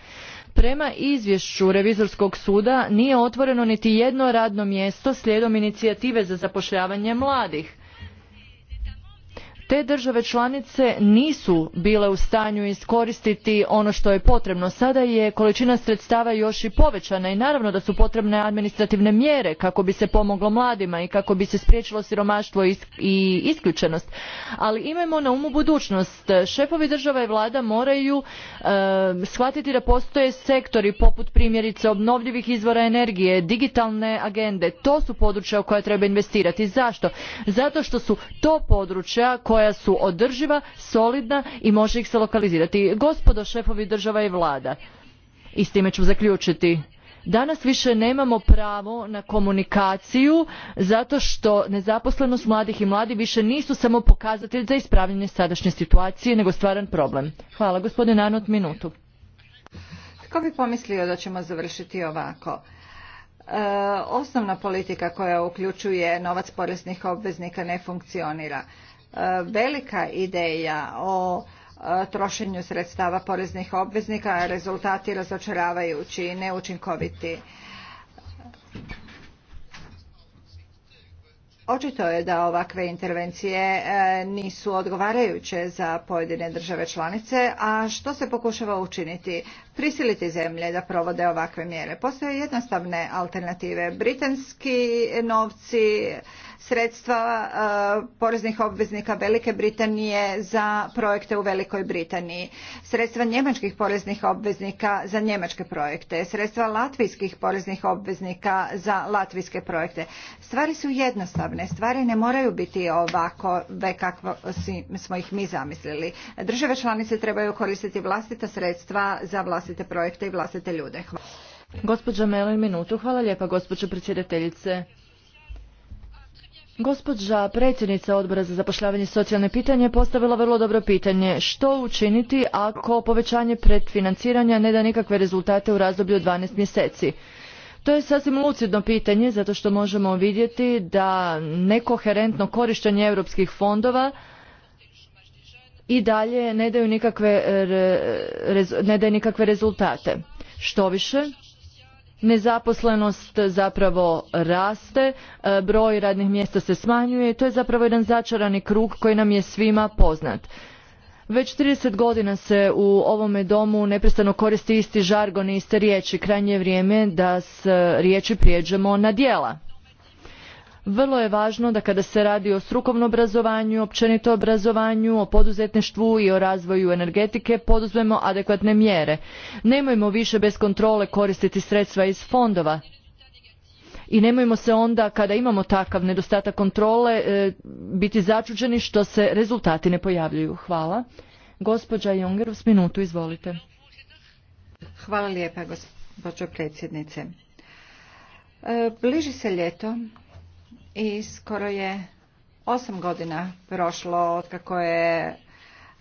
Prema izvješću Revizorskog suda nije otvoreno niti jedno radno mjesto slijedom inicijative za zapošljavanje mladih te države članice nisu bile u stanju iskoristiti ono što je potrebno. Sada je količina sredstava još i povećana i naravno da su potrebne administrativne mjere kako bi se pomoglo mladima i kako bi se spriječilo siromaštvo i isključenost. Ali imajmo na umu budućnost. Šefovi država i vlada moraju e, shvatiti da postoje sektori poput primjerice obnovljivih izvora energije, digitalne agende. To su područja u koja treba investirati. Zašto? Zato što su to područja koja koja su održiva, solidna i može ih se lokalizirati. Gospodo šefovi država i vlada, i s time ću zaključiti, danas više nemamo pravo na komunikaciju zato što nezaposlenost mladih i mladi više nisu samo pokazatelj za ispravljanje sadašnje situacije nego stvaran problem. Hvala gospodine Anot, minutu. Tko bi pomislio da ćemo završiti ovako? E, osnovna politika koja uključuje novac poreznih obveznika ne funkcionira. E, velika ideja o e, trošenju sredstava poreznih obveznika, a rezultati razočaravajući i neučinkoviti. Očito je da ovakve intervencije e, nisu odgovarajuće za pojedine države članice, a što se pokušava učiniti? prisiliti zemlje da provode ovakve mjere. Postoje jednostavne alternative. Britanski novci, sredstva e, poreznih obveznika Velike Britanije za projekte u Velikoj Britaniji, sredstva njemačkih poreznih obveznika za njemačke projekte, sredstva latvijskih poreznih obveznika za latvijske projekte. Stvari su jednostavne, stvari ne moraju biti ovako kako smo ih mi zamislili. Države članice trebaju koristiti vlastita sredstva za vlastite vlastite projekte i vlastite ljude. Hvala. Gospođa minutu. Hvala lijepa, gospođo predsjedateljice. Gospođa predsjednica odbora za zapošljavanje i socijalne pitanje postavila vrlo dobro pitanje. Što učiniti ako povećanje predfinanciranja ne da nikakve rezultate u razdoblju od 12 mjeseci? To je sasvim lucidno pitanje zato što možemo vidjeti da nekoherentno korištenje europskih fondova i dalje ne daju nikakve, e, ne daju nikakve rezultate. Što više, nezaposlenost zapravo raste, e, broj radnih mjesta se smanjuje i to je zapravo jedan začarani krug koji nam je svima poznat. Već 30 godina se u ovome domu neprestano koristi isti žargon i iste riječi. Krajnje vrijeme da s riječi prijeđemo na dijela vrlo je važno da kada se radi o strukovnom obrazovanju općenito obrazovanju o poduzetništvu i o razvoju energetike poduzmemo adekvatne mjere nemojmo više bez kontrole koristiti sredstva iz fondova i nemojmo se onda kada imamo takav nedostatak kontrole e, biti začuđeni što se rezultati ne pojavljuju hvala gospođa Junger s minutu izvolite hvala lijepa gospođo predsjednice e, bliži se ljeto i skoro je osam godina prošlo kako je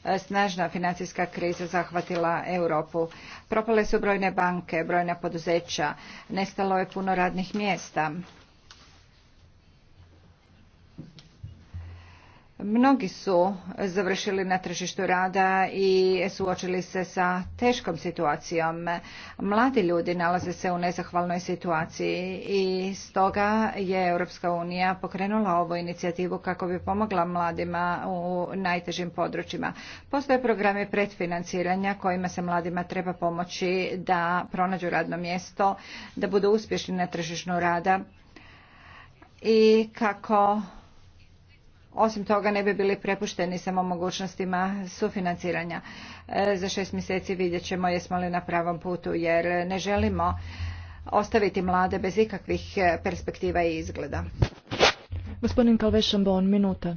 e, snažna financijska kriza zahvatila Europu. Propale su brojne banke, brojna poduzeća, nestalo je puno radnih mjesta. Mnogi su završili na tržištu rada i suočili se sa teškom situacijom. Mladi ljudi nalaze se u nezahvalnoj situaciji i stoga je Europska unija pokrenula ovu inicijativu kako bi pomogla mladima u najtežim područjima. Postoje programe pretfinanciranja kojima se mladima treba pomoći da pronađu radno mjesto, da budu uspješni na tržištu rada i kako osim toga ne bi bili prepušteni samo mogućnostima sufinanciranja. E, za šest mjeseci vidjet ćemo jesmo li na pravom putu jer ne želimo ostaviti mlade bez ikakvih e, perspektiva i izgleda. Gospodin Kalvešambon, minuta.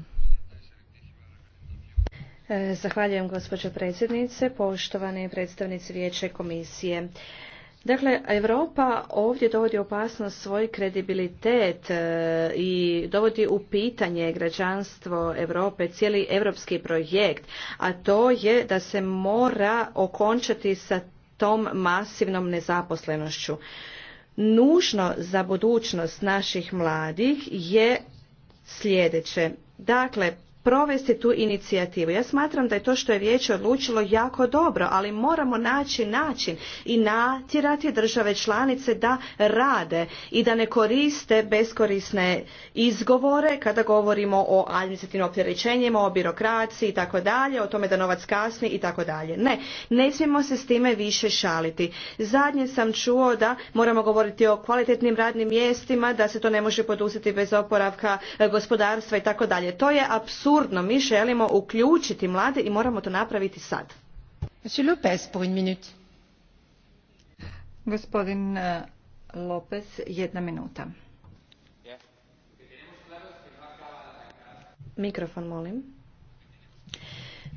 E, zahvaljujem gospođo predsjednice, poštovani predstavnici Vijeće komisije. Dakle, Europa ovdje dovodi opasnost svoj kredibilitet e, i dovodi u pitanje građanstvo Europe, cijeli europski projekt, a to je da se mora okončati sa tom masivnom nezaposlenošću. Nužno za budućnost naših mladih je sljedeće. Dakle, provesti tu inicijativu. Ja smatram da je to što je vijeće odlučilo jako dobro, ali moramo naći način i natjerati države članice da rade i da ne koriste beskorisne izgovore kada govorimo o administrativnim opterećenjima, o birokraciji i tako dalje, o tome da novac kasni i tako dalje. Ne, ne smijemo se s time više šaliti. Zadnje sam čuo da moramo govoriti o kvalitetnim radnim mjestima, da se to ne može poduzeti bez oporavka e, gospodarstva i tako dalje. To je apsurd apsurdno. Mi želimo uključiti mlade i moramo to napraviti sad. Lopez, pour Gospodin eh, Lopez, jedna minuta. Mikrofon, molim.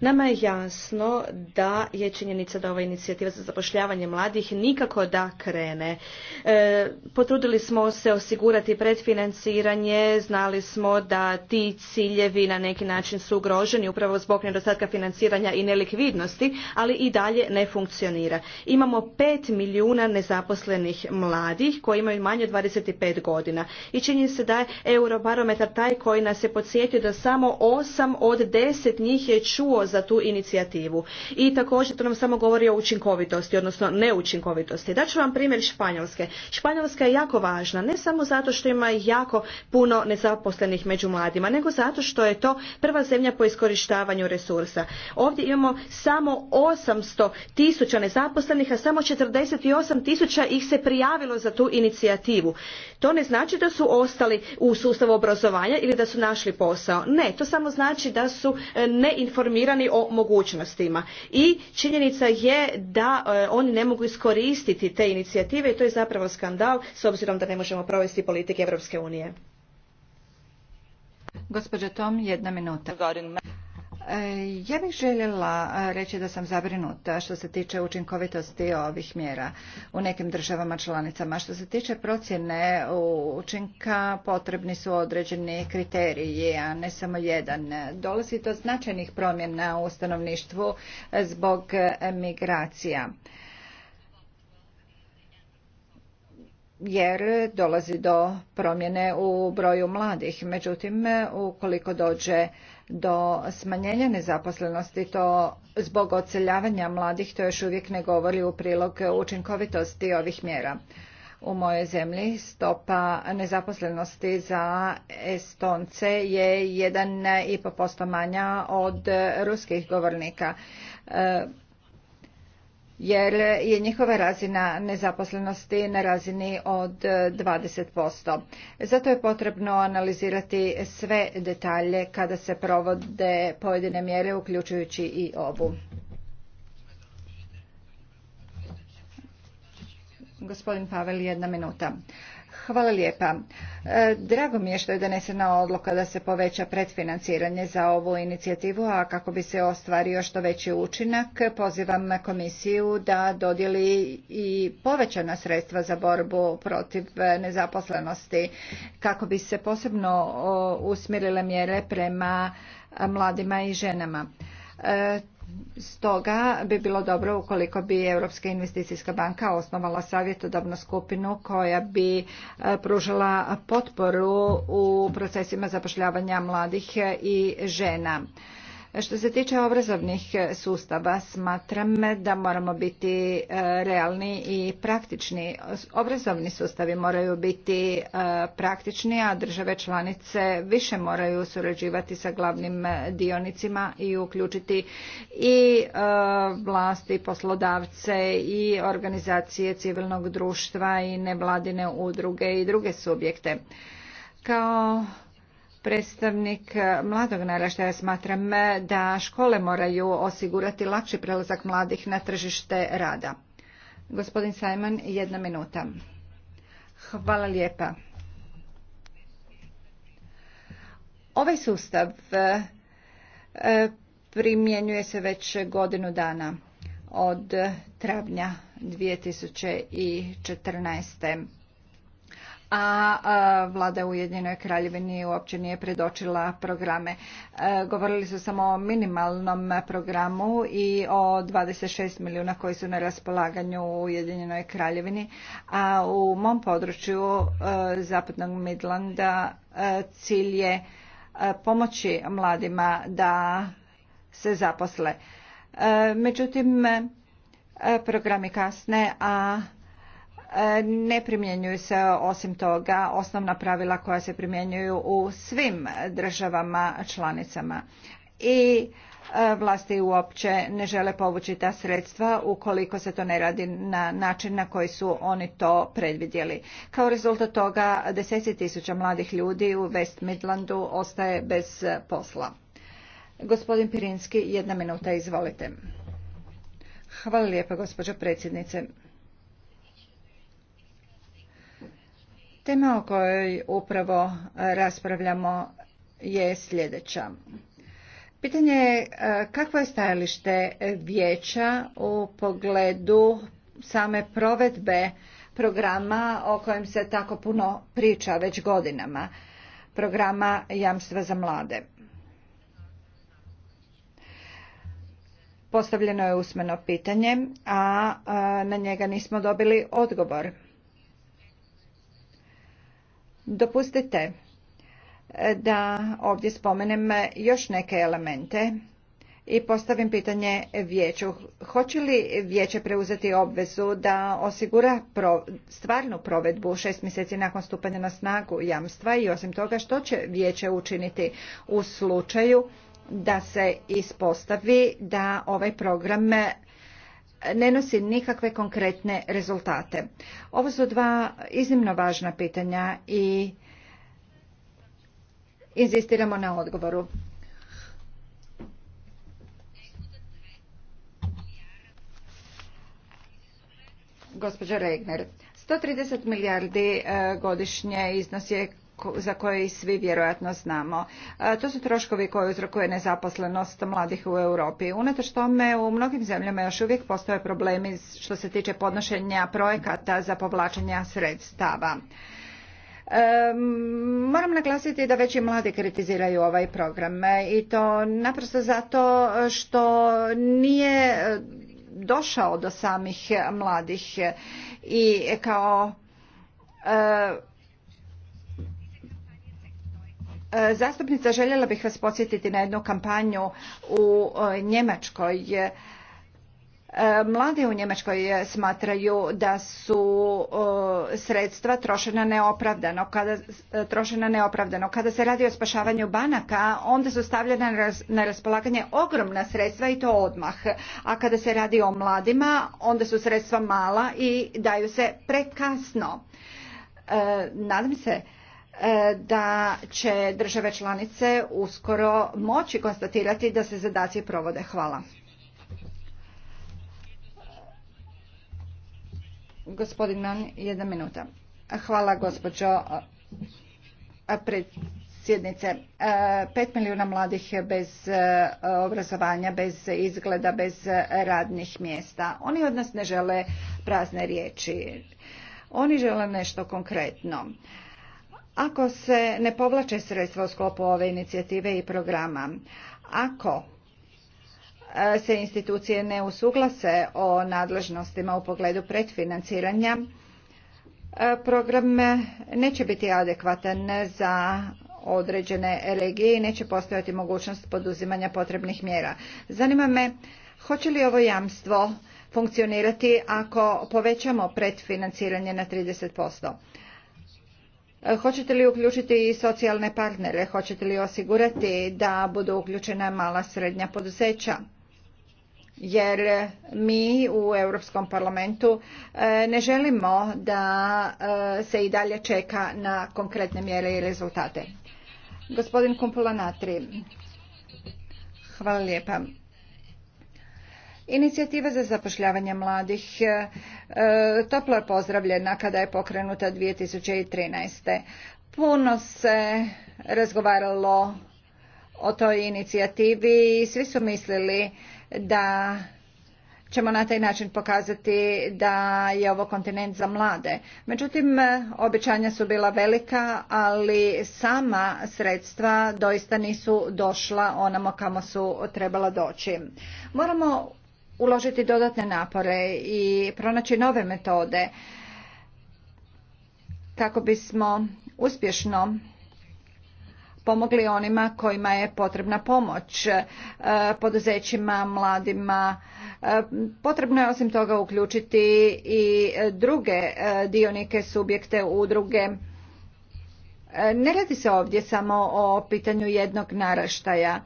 Nama je jasno da je činjenica da ova inicijativa za zapošljavanje mladih nikako da krene. E, potrudili smo se osigurati predfinanciranje, znali smo da ti ciljevi na neki način su ugroženi upravo zbog nedostatka financiranja i nelikvidnosti, ali i dalje ne funkcionira. Imamo pet milijuna nezaposlenih mladih koji imaju manje od 25 godina i čini se da je eurobarometar taj koji nas je podsjetio da samo osam od deset njih je čuo za tu inicijativu. I također to nam samo govori o učinkovitosti, odnosno neučinkovitosti. ću vam primjer Španjolske. Španjolska je jako važna, ne samo zato što ima jako puno nezaposlenih među mladima, nego zato što je to prva zemlja po iskorištavanju resursa. Ovdje imamo samo 800 tisuća nezaposlenih, a samo 48 tisuća ih se prijavilo za tu inicijativu. To ne znači da su ostali u sustavu obrazovanja ili da su našli posao. Ne, to samo znači da su e, neinformirani informirani o mogućnostima i činjenica je da e, oni ne mogu iskoristiti te inicijative i to je zapravo skandal s obzirom da ne možemo provesti politike Europske unije. Tom, jedna E, ja bih željela e, reći da sam zabrinuta što se tiče učinkovitosti ovih mjera u nekim državama članicama. Što se tiče procjene učinka potrebni su određeni kriteriji, a ne samo jedan. Dolazi do značajnih promjena u stanovništvu zbog e, migracija. jer dolazi do promjene u broju mladih. Međutim, ukoliko dođe do smanjenja nezaposlenosti to zbog odseljavanja mladih to još uvijek ne govori u prilog učinkovitosti ovih mjera. U mojoj zemlji stopa nezaposlenosti za Estonce je 1,5% manja od ruskih govornika. E, jer je njihova razina nezaposlenosti na razini od 20%. Zato je potrebno analizirati sve detalje kada se provode pojedine mjere, uključujući i ovu. Gospodin Pavel, jedna minuta. Hvala lijepa. E, drago mi je što je donesena odluka da se poveća predfinanciranje za ovu inicijativu, a kako bi se ostvario što veći učinak, pozivam komisiju da dodijeli i povećana sredstva za borbu protiv nezaposlenosti, kako bi se posebno usmjerile mjere prema mladima i ženama. E, Stoga bi bilo dobro ukoliko bi Europska investicijska banka osnovala savjetodavnu skupinu koja bi e, pružala potporu u procesima zapošljavanja mladih i žena. Što se tiče obrazovnih e, sustava, smatram da moramo biti e, realni i praktični. Obrazovni sustavi moraju biti e, praktični, a države članice više moraju surađivati sa glavnim dionicima i uključiti i vlasti, poslodavce i organizacije civilnog društva i nevladine udruge i druge subjekte. Kao predstavnik eh, mladog naraštaja smatram eh, da škole moraju osigurati lakši prelazak mladih na tržište rada. Gospodin Sajman, jedna minuta. Hvala lijepa. Ovaj sustav eh, primjenjuje se već godinu dana od travnja 2014 a vlada u kraljevini uopće nije predočila programe. E, govorili su samo o minimalnom programu i o 26 milijuna koji su na raspolaganju u Ujedinjenoj kraljevini, a u mom području e, zapadnog Midlanda e, cilj je pomoći mladima da se zaposle. Međutim, programi kasne, a E, ne primjenjuju se osim toga osnovna pravila koja se primjenjuju u svim državama članicama i e, vlasti uopće ne žele povući ta sredstva ukoliko se to ne radi na način na koji su oni to predvidjeli. Kao rezultat toga deseci tisuća mladih ljudi u West Midlandu ostaje bez posla. Gospodin Pirinski, jedna minuta, izvolite. Hvala lijepa, gospođo predsjednice. Tema o kojoj upravo raspravljamo je sljedeća. Pitanje je e, kakvo je stajalište vijeća u pogledu same provedbe programa o kojem se tako puno priča već godinama, programa Jamstva za mlade. Postavljeno je usmeno pitanje, a na njega nismo dobili odgovor. Dopustite e, da ovdje spomenem još neke elemente i postavim pitanje vijeću. Hoće li vijeće preuzeti obvezu da osigura stvarnu provedbu šest mjeseci nakon stupanja na snagu jamstva i osim toga što će vijeće učiniti u slučaju da se ispostavi da ovaj program ne nosi nikakve konkretne rezultate. Ovo su dva iznimno važna pitanja i inzistiramo na odgovoru. Gospođa Regner, 130 milijardi e, godišnje iznos je za koje svi vjerojatno znamo. E, to su troškovi koje uzrokuje nezaposlenost mladih u Europi. Unatoč tome u mnogim zemljama još uvijek postoje problemi što se tiče podnošenja projekata za povlačenja sredstava. E, moram naglasiti da veći i mladi kritiziraju ovaj program e, i to naprosto zato što nije došao do samih mladih i kao E, zastupnica, željela bih vas podsjetiti na jednu kampanju u e, Njemačkoj. E, mladi u Njemačkoj smatraju da su sredstva trošena neopravdano. Kada, trošena neopravdano. Kada se radi o spašavanju banaka, onda su stavljena na raspolaganje ogromna sredstva i to odmah. A kada se radi o mladima, onda su sredstva mala i daju se prekasno. Nadam se E, da će države članice uskoro moći konstatirati da se zadaci provode. Hvala. Gospodin Mann, jedna minuta. Hvala gospođo predsjednice. E, pet milijuna mladih bez e, obrazovanja, bez izgleda, bez radnih mjesta. Oni od nas ne žele prazne riječi. Oni žele nešto konkretno ako se ne povlače sredstva u sklopu ove inicijative i programa, ako e, se institucije ne usuglase o nadležnostima u pogledu pretfinanciranja, e, program neće biti adekvatan za određene regije i neće postojati mogućnost poduzimanja potrebnih mjera. Zanima me, hoće li ovo jamstvo funkcionirati ako povećamo pretfinanciranje na 30%? Hoćete li uključiti i socijalne partnere? Hoćete li osigurati da budu uključena mala srednja poduzeća? Jer mi u Europskom parlamentu e, ne želimo da e, se i dalje čeka na konkretne mjere i rezultate. Gospodin Kumpula Natri. Hvala lijepa. Inicijativa za zapošljavanje mladih e, e, toplo je pozdravljena kada je pokrenuta 2013. Puno se razgovaralo o toj inicijativi i svi su mislili da ćemo na taj način pokazati da je ovo kontinent za mlade. Međutim, obećanja su bila velika, ali sama sredstva doista nisu došla onamo kamo su trebala doći. Moramo uložiti dodatne napore i pronaći nove metode kako bismo uspješno pomogli onima kojima je potrebna pomoć, e, poduzećima, mladima. E, potrebno je osim toga uključiti i druge e, dionike, subjekte, udruge. Ne radi se ovdje samo o pitanju jednog naraštaja.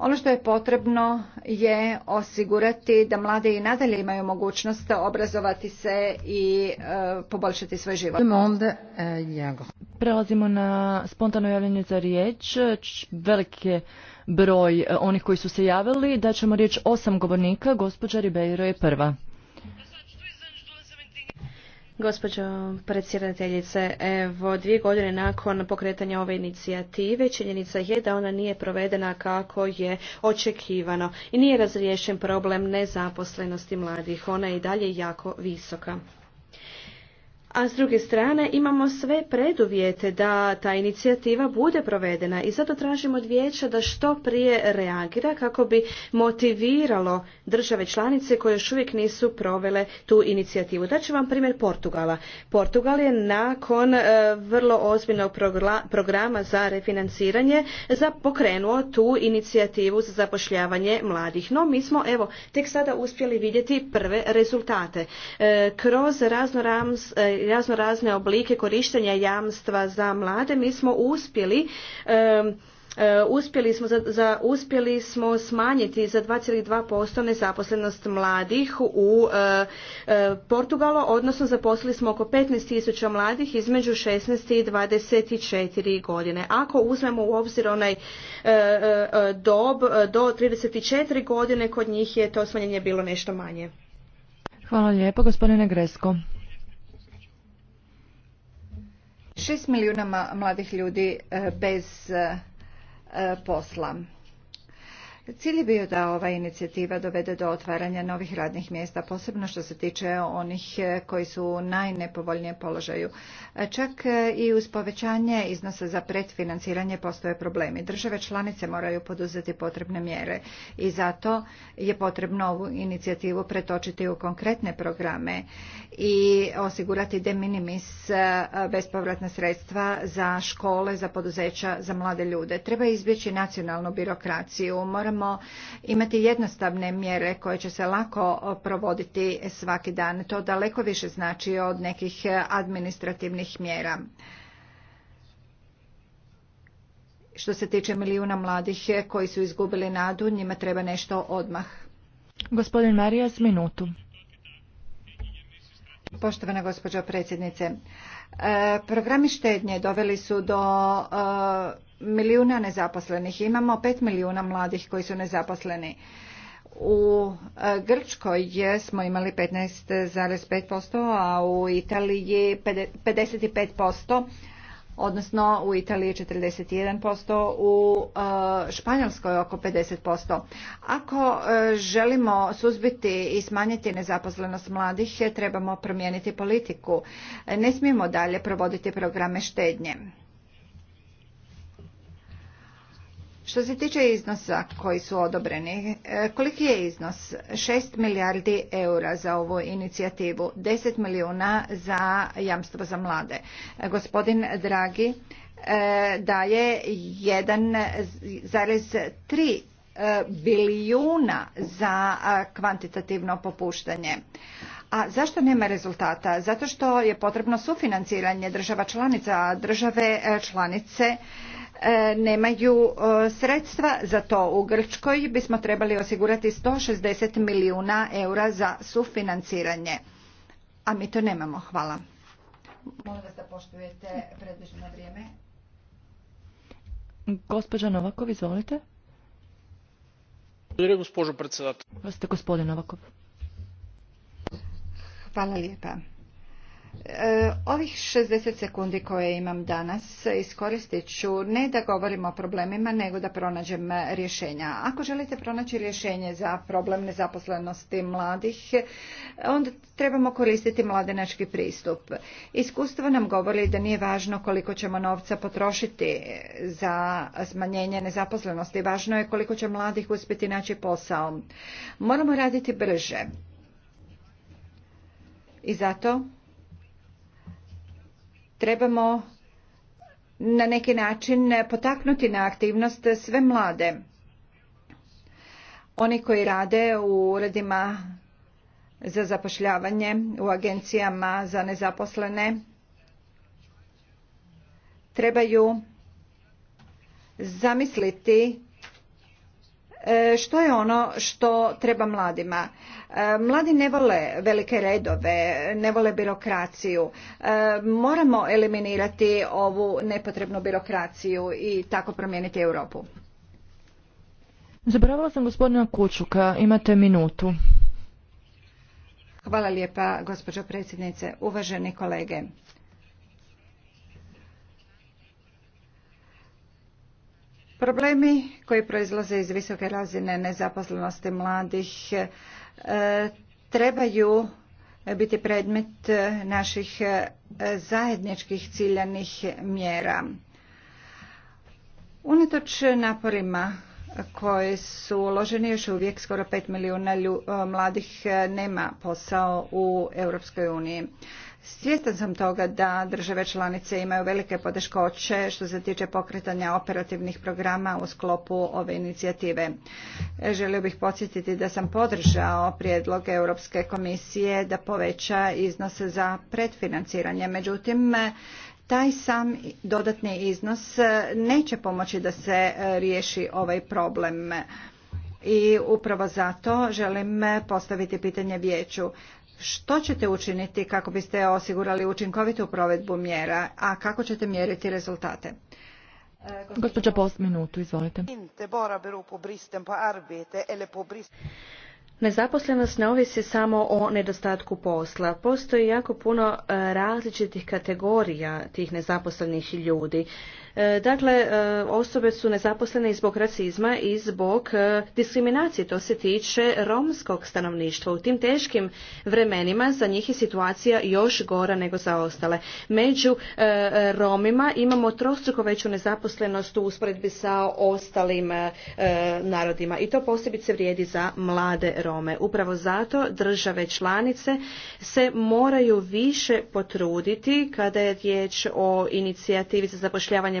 Ono što je potrebno je osigurati da mlade i nadalje imaju mogućnost obrazovati se i e, poboljšati svoj život. E, Prelazimo na spontano javljanje za riječ. Veliki broj e, onih koji su se javili. Daćemo riječ osam govornika. Gospođa Ribeiro je prva. Gospođo predsjedateljice, evo dvije godine nakon pokretanja ove inicijative činjenica je da ona nije provedena kako je očekivano i nije razriješen problem nezaposlenosti mladih. Ona je i dalje jako visoka a s druge strane imamo sve preduvjete da ta inicijativa bude provedena i zato tražimo od vijeća da što prije reagira kako bi motiviralo države članice koje još uvijek nisu provele tu inicijativu. ću vam primjer Portugala. Portugal je nakon e, vrlo ozbiljnog programa za refinanciranje za pokrenuo tu inicijativu za zapošljavanje mladih. No, mi smo evo tek sada uspjeli vidjeti prve rezultate. E, kroz razno e, razno razne oblike korištenja jamstva za mlade mi smo uspjeli e, uspjeli smo, za, za, uspjeli smo smanjiti za 2,2% nezaposlenost mladih u e, e, Portugalu, odnosno zaposlili smo oko 15.000 mladih između 16 i 24 godine. Ako uzmemo u obzir onaj dob do 34 godine, kod njih je to smanjenje bilo nešto manje. Hvala lijepo, gospodine Gresko šest milijuna mladih ljudi e, bez e, e, posla. Cilj je bio da ova inicijativa dovede do otvaranja novih radnih mjesta, posebno što se tiče onih e, koji su u najnepovoljnijem položaju. E, čak e, i uz povećanje iznosa za pretfinanciranje postoje problemi. Države članice moraju poduzeti potrebne mjere i zato je potrebno ovu inicijativu pretočiti u konkretne programe i osigurati de minimis bespovratna sredstva za škole, za poduzeća, za mlade ljude. Treba izbjeći nacionalnu birokraciju. Moramo moramo imati jednostavne mjere koje će se lako provoditi svaki dan. To daleko više znači od nekih administrativnih mjera. Što se tiče milijuna mladih koji su izgubili nadu, njima treba nešto odmah. Gospodin Marijas, minutu. Poštovana gospođo predsjednice, E, programi štednje doveli su do e, milijuna nezaposlenih. Imamo pet milijuna mladih koji su nezaposleni. U e, Grčkoj smo imali 15,5%, a u Italiji 55% odnosno u Italiji 41%, u e, Španjolskoj oko 50%. Ako e, želimo suzbiti i smanjiti nezaposlenost mladih, trebamo promijeniti politiku. E, ne smijemo dalje provoditi programe štednje. Što se tiče iznosa koji su odobreni, e, koliki je iznos? 6 milijardi eura za ovu inicijativu, 10 milijuna za jamstvo za mlade. E, gospodin Dragi e, daje 1,3 bilijuna za kvantitativno popuštanje. A zašto nema rezultata? Zato što je potrebno sufinanciranje država članica, a države članice E, nemaju e, sredstva za to. U Grčkoj bismo trebali osigurati 160 milijuna eura za sufinanciranje. A mi to nemamo. Hvala. Molim vas da poštujete predviđeno vrijeme. Gospođa Novakov, izvolite. Gospodin Novakov. Hvala lijepa. E, ovih 60 sekundi koje imam danas iskoristit ću ne da govorim o problemima, nego da pronađem rješenja. Ako želite pronaći rješenje za problem nezaposlenosti mladih, onda trebamo koristiti mladenački pristup. Iskustvo nam govori da nije važno koliko ćemo novca potrošiti za smanjenje nezaposlenosti, važno je koliko će mladih uspjeti naći posao. Moramo raditi brže. I zato trebamo na neki način potaknuti na aktivnost sve mlade. Oni koji rade u uredima za zapošljavanje, u agencijama za nezaposlene, trebaju zamisliti E, što je ono što treba mladima? E, mladi ne vole velike redove, ne vole birokraciju. E, moramo eliminirati ovu nepotrebnu birokraciju i tako promijeniti Europu. Zaboravila sam gospodina Kučuka, imate minutu. Hvala lijepa, gospođo predsjednice, uvaženi kolege. Problemi koji proizlaze iz visoke razine nezaposlenosti mladih e, trebaju biti predmet naših e, zajedničkih ciljanih mjera. Unatoč naporima koje su uloženi još uvijek skoro 5 milijuna mladih e, nema posao u Europskoj uniji. Svjestan sam toga da države članice imaju velike poteškoće što se tiče pokretanja operativnih programa u sklopu ove inicijative. E, želio bih podsjetiti da sam podržao prijedlog Europske komisije da poveća iznose za predfinanciranje. Međutim, taj sam dodatni iznos neće pomoći da se e, riješi ovaj problem i upravo zato želim postaviti pitanje vijeću što ćete učiniti kako biste osigurali učinkovitu provedbu mjera, a kako ćete mjeriti rezultate? E, gospođa Post, minutu, izvolite. Nezaposlenost ne ovisi samo o nedostatku posla. Postoji jako puno e, različitih kategorija tih nezaposlenih ljudi. E, dakle, e, osobe su nezaposlene i zbog rasizma i zbog e, diskriminacije. To se tiče romskog stanovništva. U tim teškim vremenima za njih je situacija još gora nego za ostale. Među Romima imamo trostruko veću nezaposlenost u usporedbi sa ostalim narodima. I to posebice vrijedi za mlade Rome. Upravo zato države članice se moraju više potruditi kada je riječ o inicijativi za zapošljavanje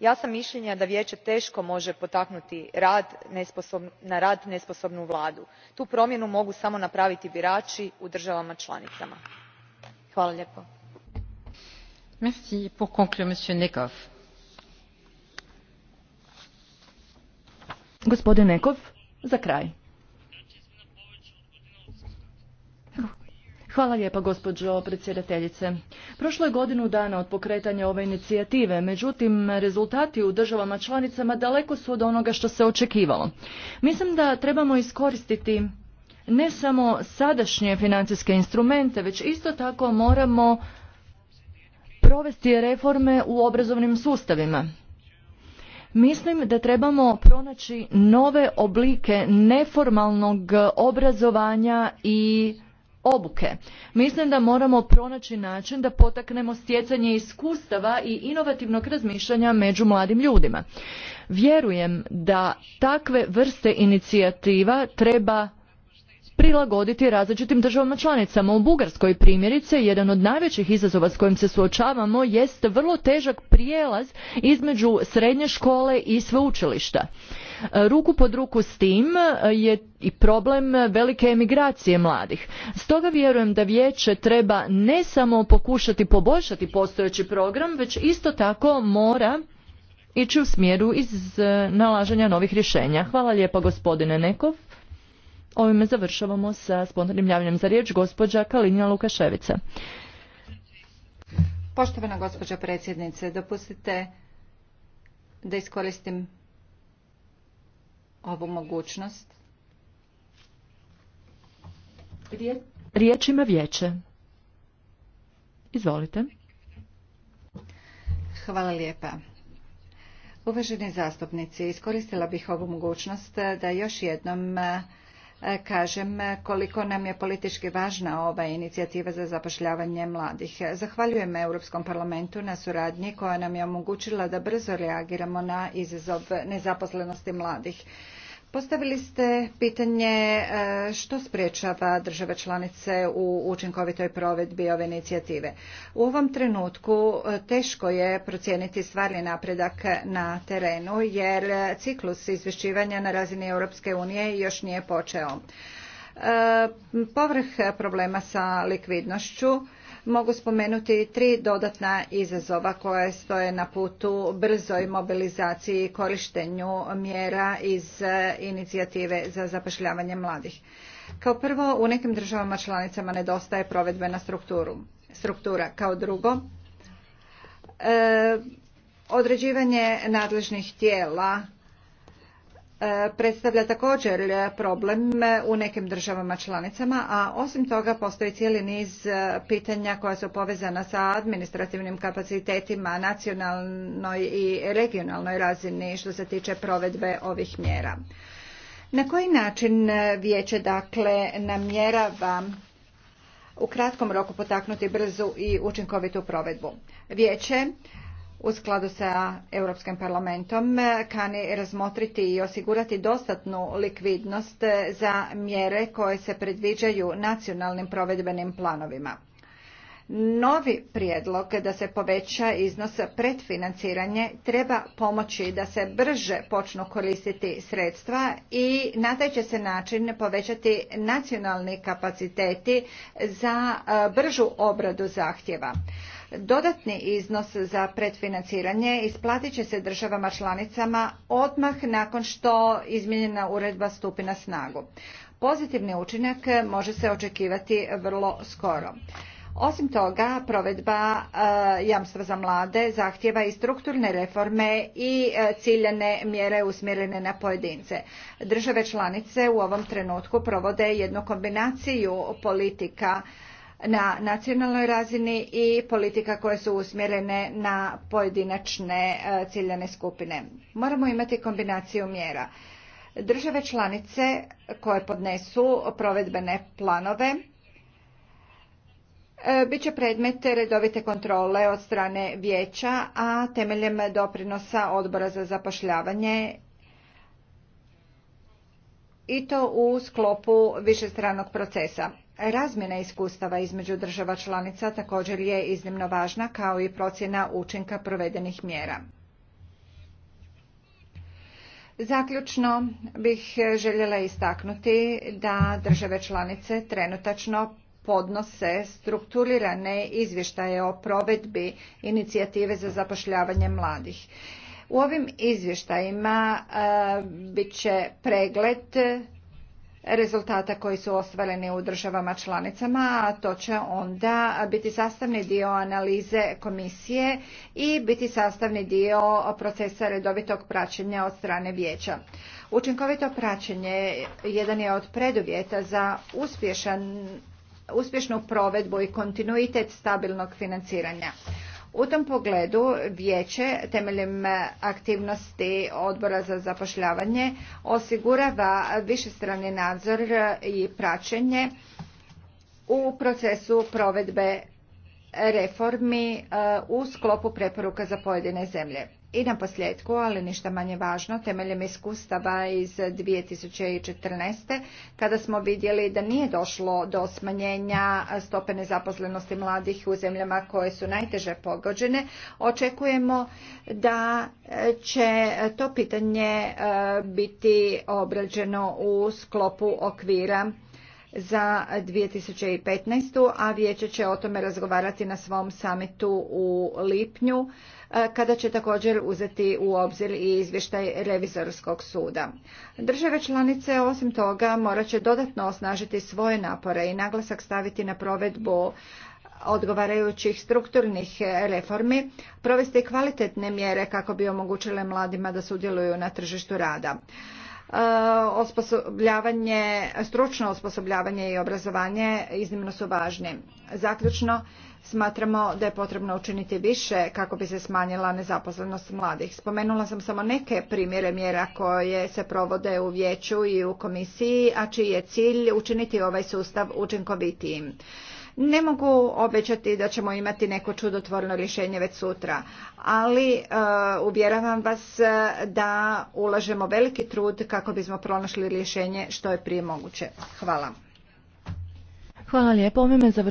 ja sam mišljenja da vijeće teško može potaknuti na rad nesposobnu vladu. tu promjenu mogu samo napraviti birači u državama članicama. nekov za kraj. Hvala lijepa gospođo predsjedateljice. Prošlo je godinu dana od pokretanja ove inicijative, međutim rezultati u državama članicama daleko su od onoga što se očekivalo. Mislim da trebamo iskoristiti ne samo sadašnje financijske instrumente, već isto tako moramo provesti reforme u obrazovnim sustavima. Mislim da trebamo pronaći nove oblike neformalnog obrazovanja i obuke. Mislim da moramo pronaći način da potaknemo stjecanje iskustava i inovativnog razmišljanja među mladim ljudima. Vjerujem da takve vrste inicijativa treba prilagoditi različitim državama članicama. U Bugarskoj primjerice jedan od najvećih izazova s kojim se suočavamo jest vrlo težak prijelaz između srednje škole i sveučilišta. E, ruku pod ruku s tim e, je i problem velike emigracije mladih. Stoga vjerujem da vijeće treba ne samo pokušati poboljšati postojeći program, već isto tako mora ići u smjeru iz e, nalaženja novih rješenja. Hvala lijepa gospodine Nekov. Ovime završavamo sa spontanim javljanjem za riječ gospođa Kalinja Lukaševica. Poštovana gospođa predsjednice, dopustite da iskoristim ovu mogućnost? Riječ ima vijeće. Izvolite. Hvala lijepa. Uvaženi zastupnici, iskoristila bih ovu mogućnost da još jednom E, kažem e, koliko nam je politički važna ova inicijativa za zapošljavanje mladih. E, zahvaljujem Europskom parlamentu na suradnji koja nam je omogućila da brzo reagiramo na izazov nezaposlenosti mladih. Postavili ste pitanje e, što spriječava države članice u učinkovitoj provedbi ove inicijative. U ovom trenutku e, teško je procijeniti stvarni napredak na terenu jer ciklus izvješćivanja na razini Europske unije još nije počeo. E, povrh problema sa likvidnošću mogu spomenuti tri dodatna izazova koje stoje na putu brzoj mobilizaciji i korištenju mjera iz e, inicijative za zapošljavanje mladih. Kao prvo, u nekim državama članicama nedostaje provedbena struktura. Kao drugo, e, određivanje nadležnih tijela E, predstavlja također e, problem e, u nekim državama članicama, a osim toga postoji cijeli niz pitanja koja su povezana sa administrativnim kapacitetima nacionalnoj i regionalnoj razini što se tiče provedbe ovih mjera. Na koji način vijeće dakle namjerava u kratkom roku potaknuti brzu i učinkovitu provedbu? Vijeće u skladu sa Europskim parlamentom kani razmotriti i osigurati dostatnu likvidnost za mjere koje se predviđaju nacionalnim provedbenim planovima. Novi prijedlog da se poveća iznos predfinanciranje treba pomoći da se brže počnu koristiti sredstva i na taj će se način povećati nacionalni kapaciteti za e, bržu obradu zahtjeva. Dodatni iznos za predfinanciranje isplatit će se državama članicama odmah nakon što izmijenjena uredba stupi na snagu. Pozitivni učinak može se očekivati vrlo skoro. Osim toga, provedba e, jamstva za mlade zahtjeva i strukturne reforme i e, ciljane mjere usmjerene na pojedince. Države članice u ovom trenutku provode jednu kombinaciju politika na nacionalnoj razini i politika koje su usmjerene na pojedinačne e, ciljane skupine. Moramo imati kombinaciju mjera. Države članice koje podnesu provedbene planove e, bit će predmet redovite kontrole od strane vijeća, a temeljem doprinosa odbora za zapošljavanje i to u sklopu višestranog procesa. Razmjena iskustava između država članica također je iznimno važna kao i procjena učinka provedenih mjera. Zaključno bih željela istaknuti da države članice trenutačno podnose strukturirane izvještaje o provedbi inicijative za zapošljavanje mladih. U ovim izvještajima e, bit će pregled rezultata koji su ostvareni u državama članicama, a to će onda biti sastavni dio analize komisije i biti sastavni dio procesa redovitog praćenja od strane vijeća. Učinkovito praćenje jedan je od preduvjeta za uspješan uspješnu provedbu i kontinuitet stabilnog financiranja. U tom pogledu vijeće temeljem e, aktivnosti odbora za zapošljavanje osigurava višestrani nadzor i praćenje u procesu provedbe reformi e, u sklopu preporuka za pojedine zemlje. I na posljedku, ali ništa manje važno, temeljem iskustava iz 2014. kada smo vidjeli da nije došlo do smanjenja stope nezaposlenosti mladih u zemljama koje su najteže pogođene, očekujemo da će to pitanje e, biti obrađeno u sklopu okvira za 2015. a vijeće će o tome razgovarati na svom samitu u lipnju kada će također uzeti u obzir i izvještaj revizorskog suda. Države članice osim toga morat će dodatno osnažiti svoje napore i naglasak staviti na provedbu odgovarajućih strukturnih reformi provesti kvalitetne mjere kako bi omogućile mladima da sudjeluju na tržištu rada osposobljavanje stručno osposobljavanje i obrazovanje iznimno su važni zaključno Smatramo da je potrebno učiniti više kako bi se smanjila nezaposlenost mladih. Spomenula sam samo neke primjere mjera koje se provode u vijeću i u komisiji, a čiji je cilj učiniti ovaj sustav učinkovitijim. Ne mogu obećati da ćemo imati neko čudotvorno rješenje već sutra, ali e, uvjeravam vas da ulažemo veliki trud kako bismo pronašli rješenje što je prije moguće. Hvala. Hvala lijepo.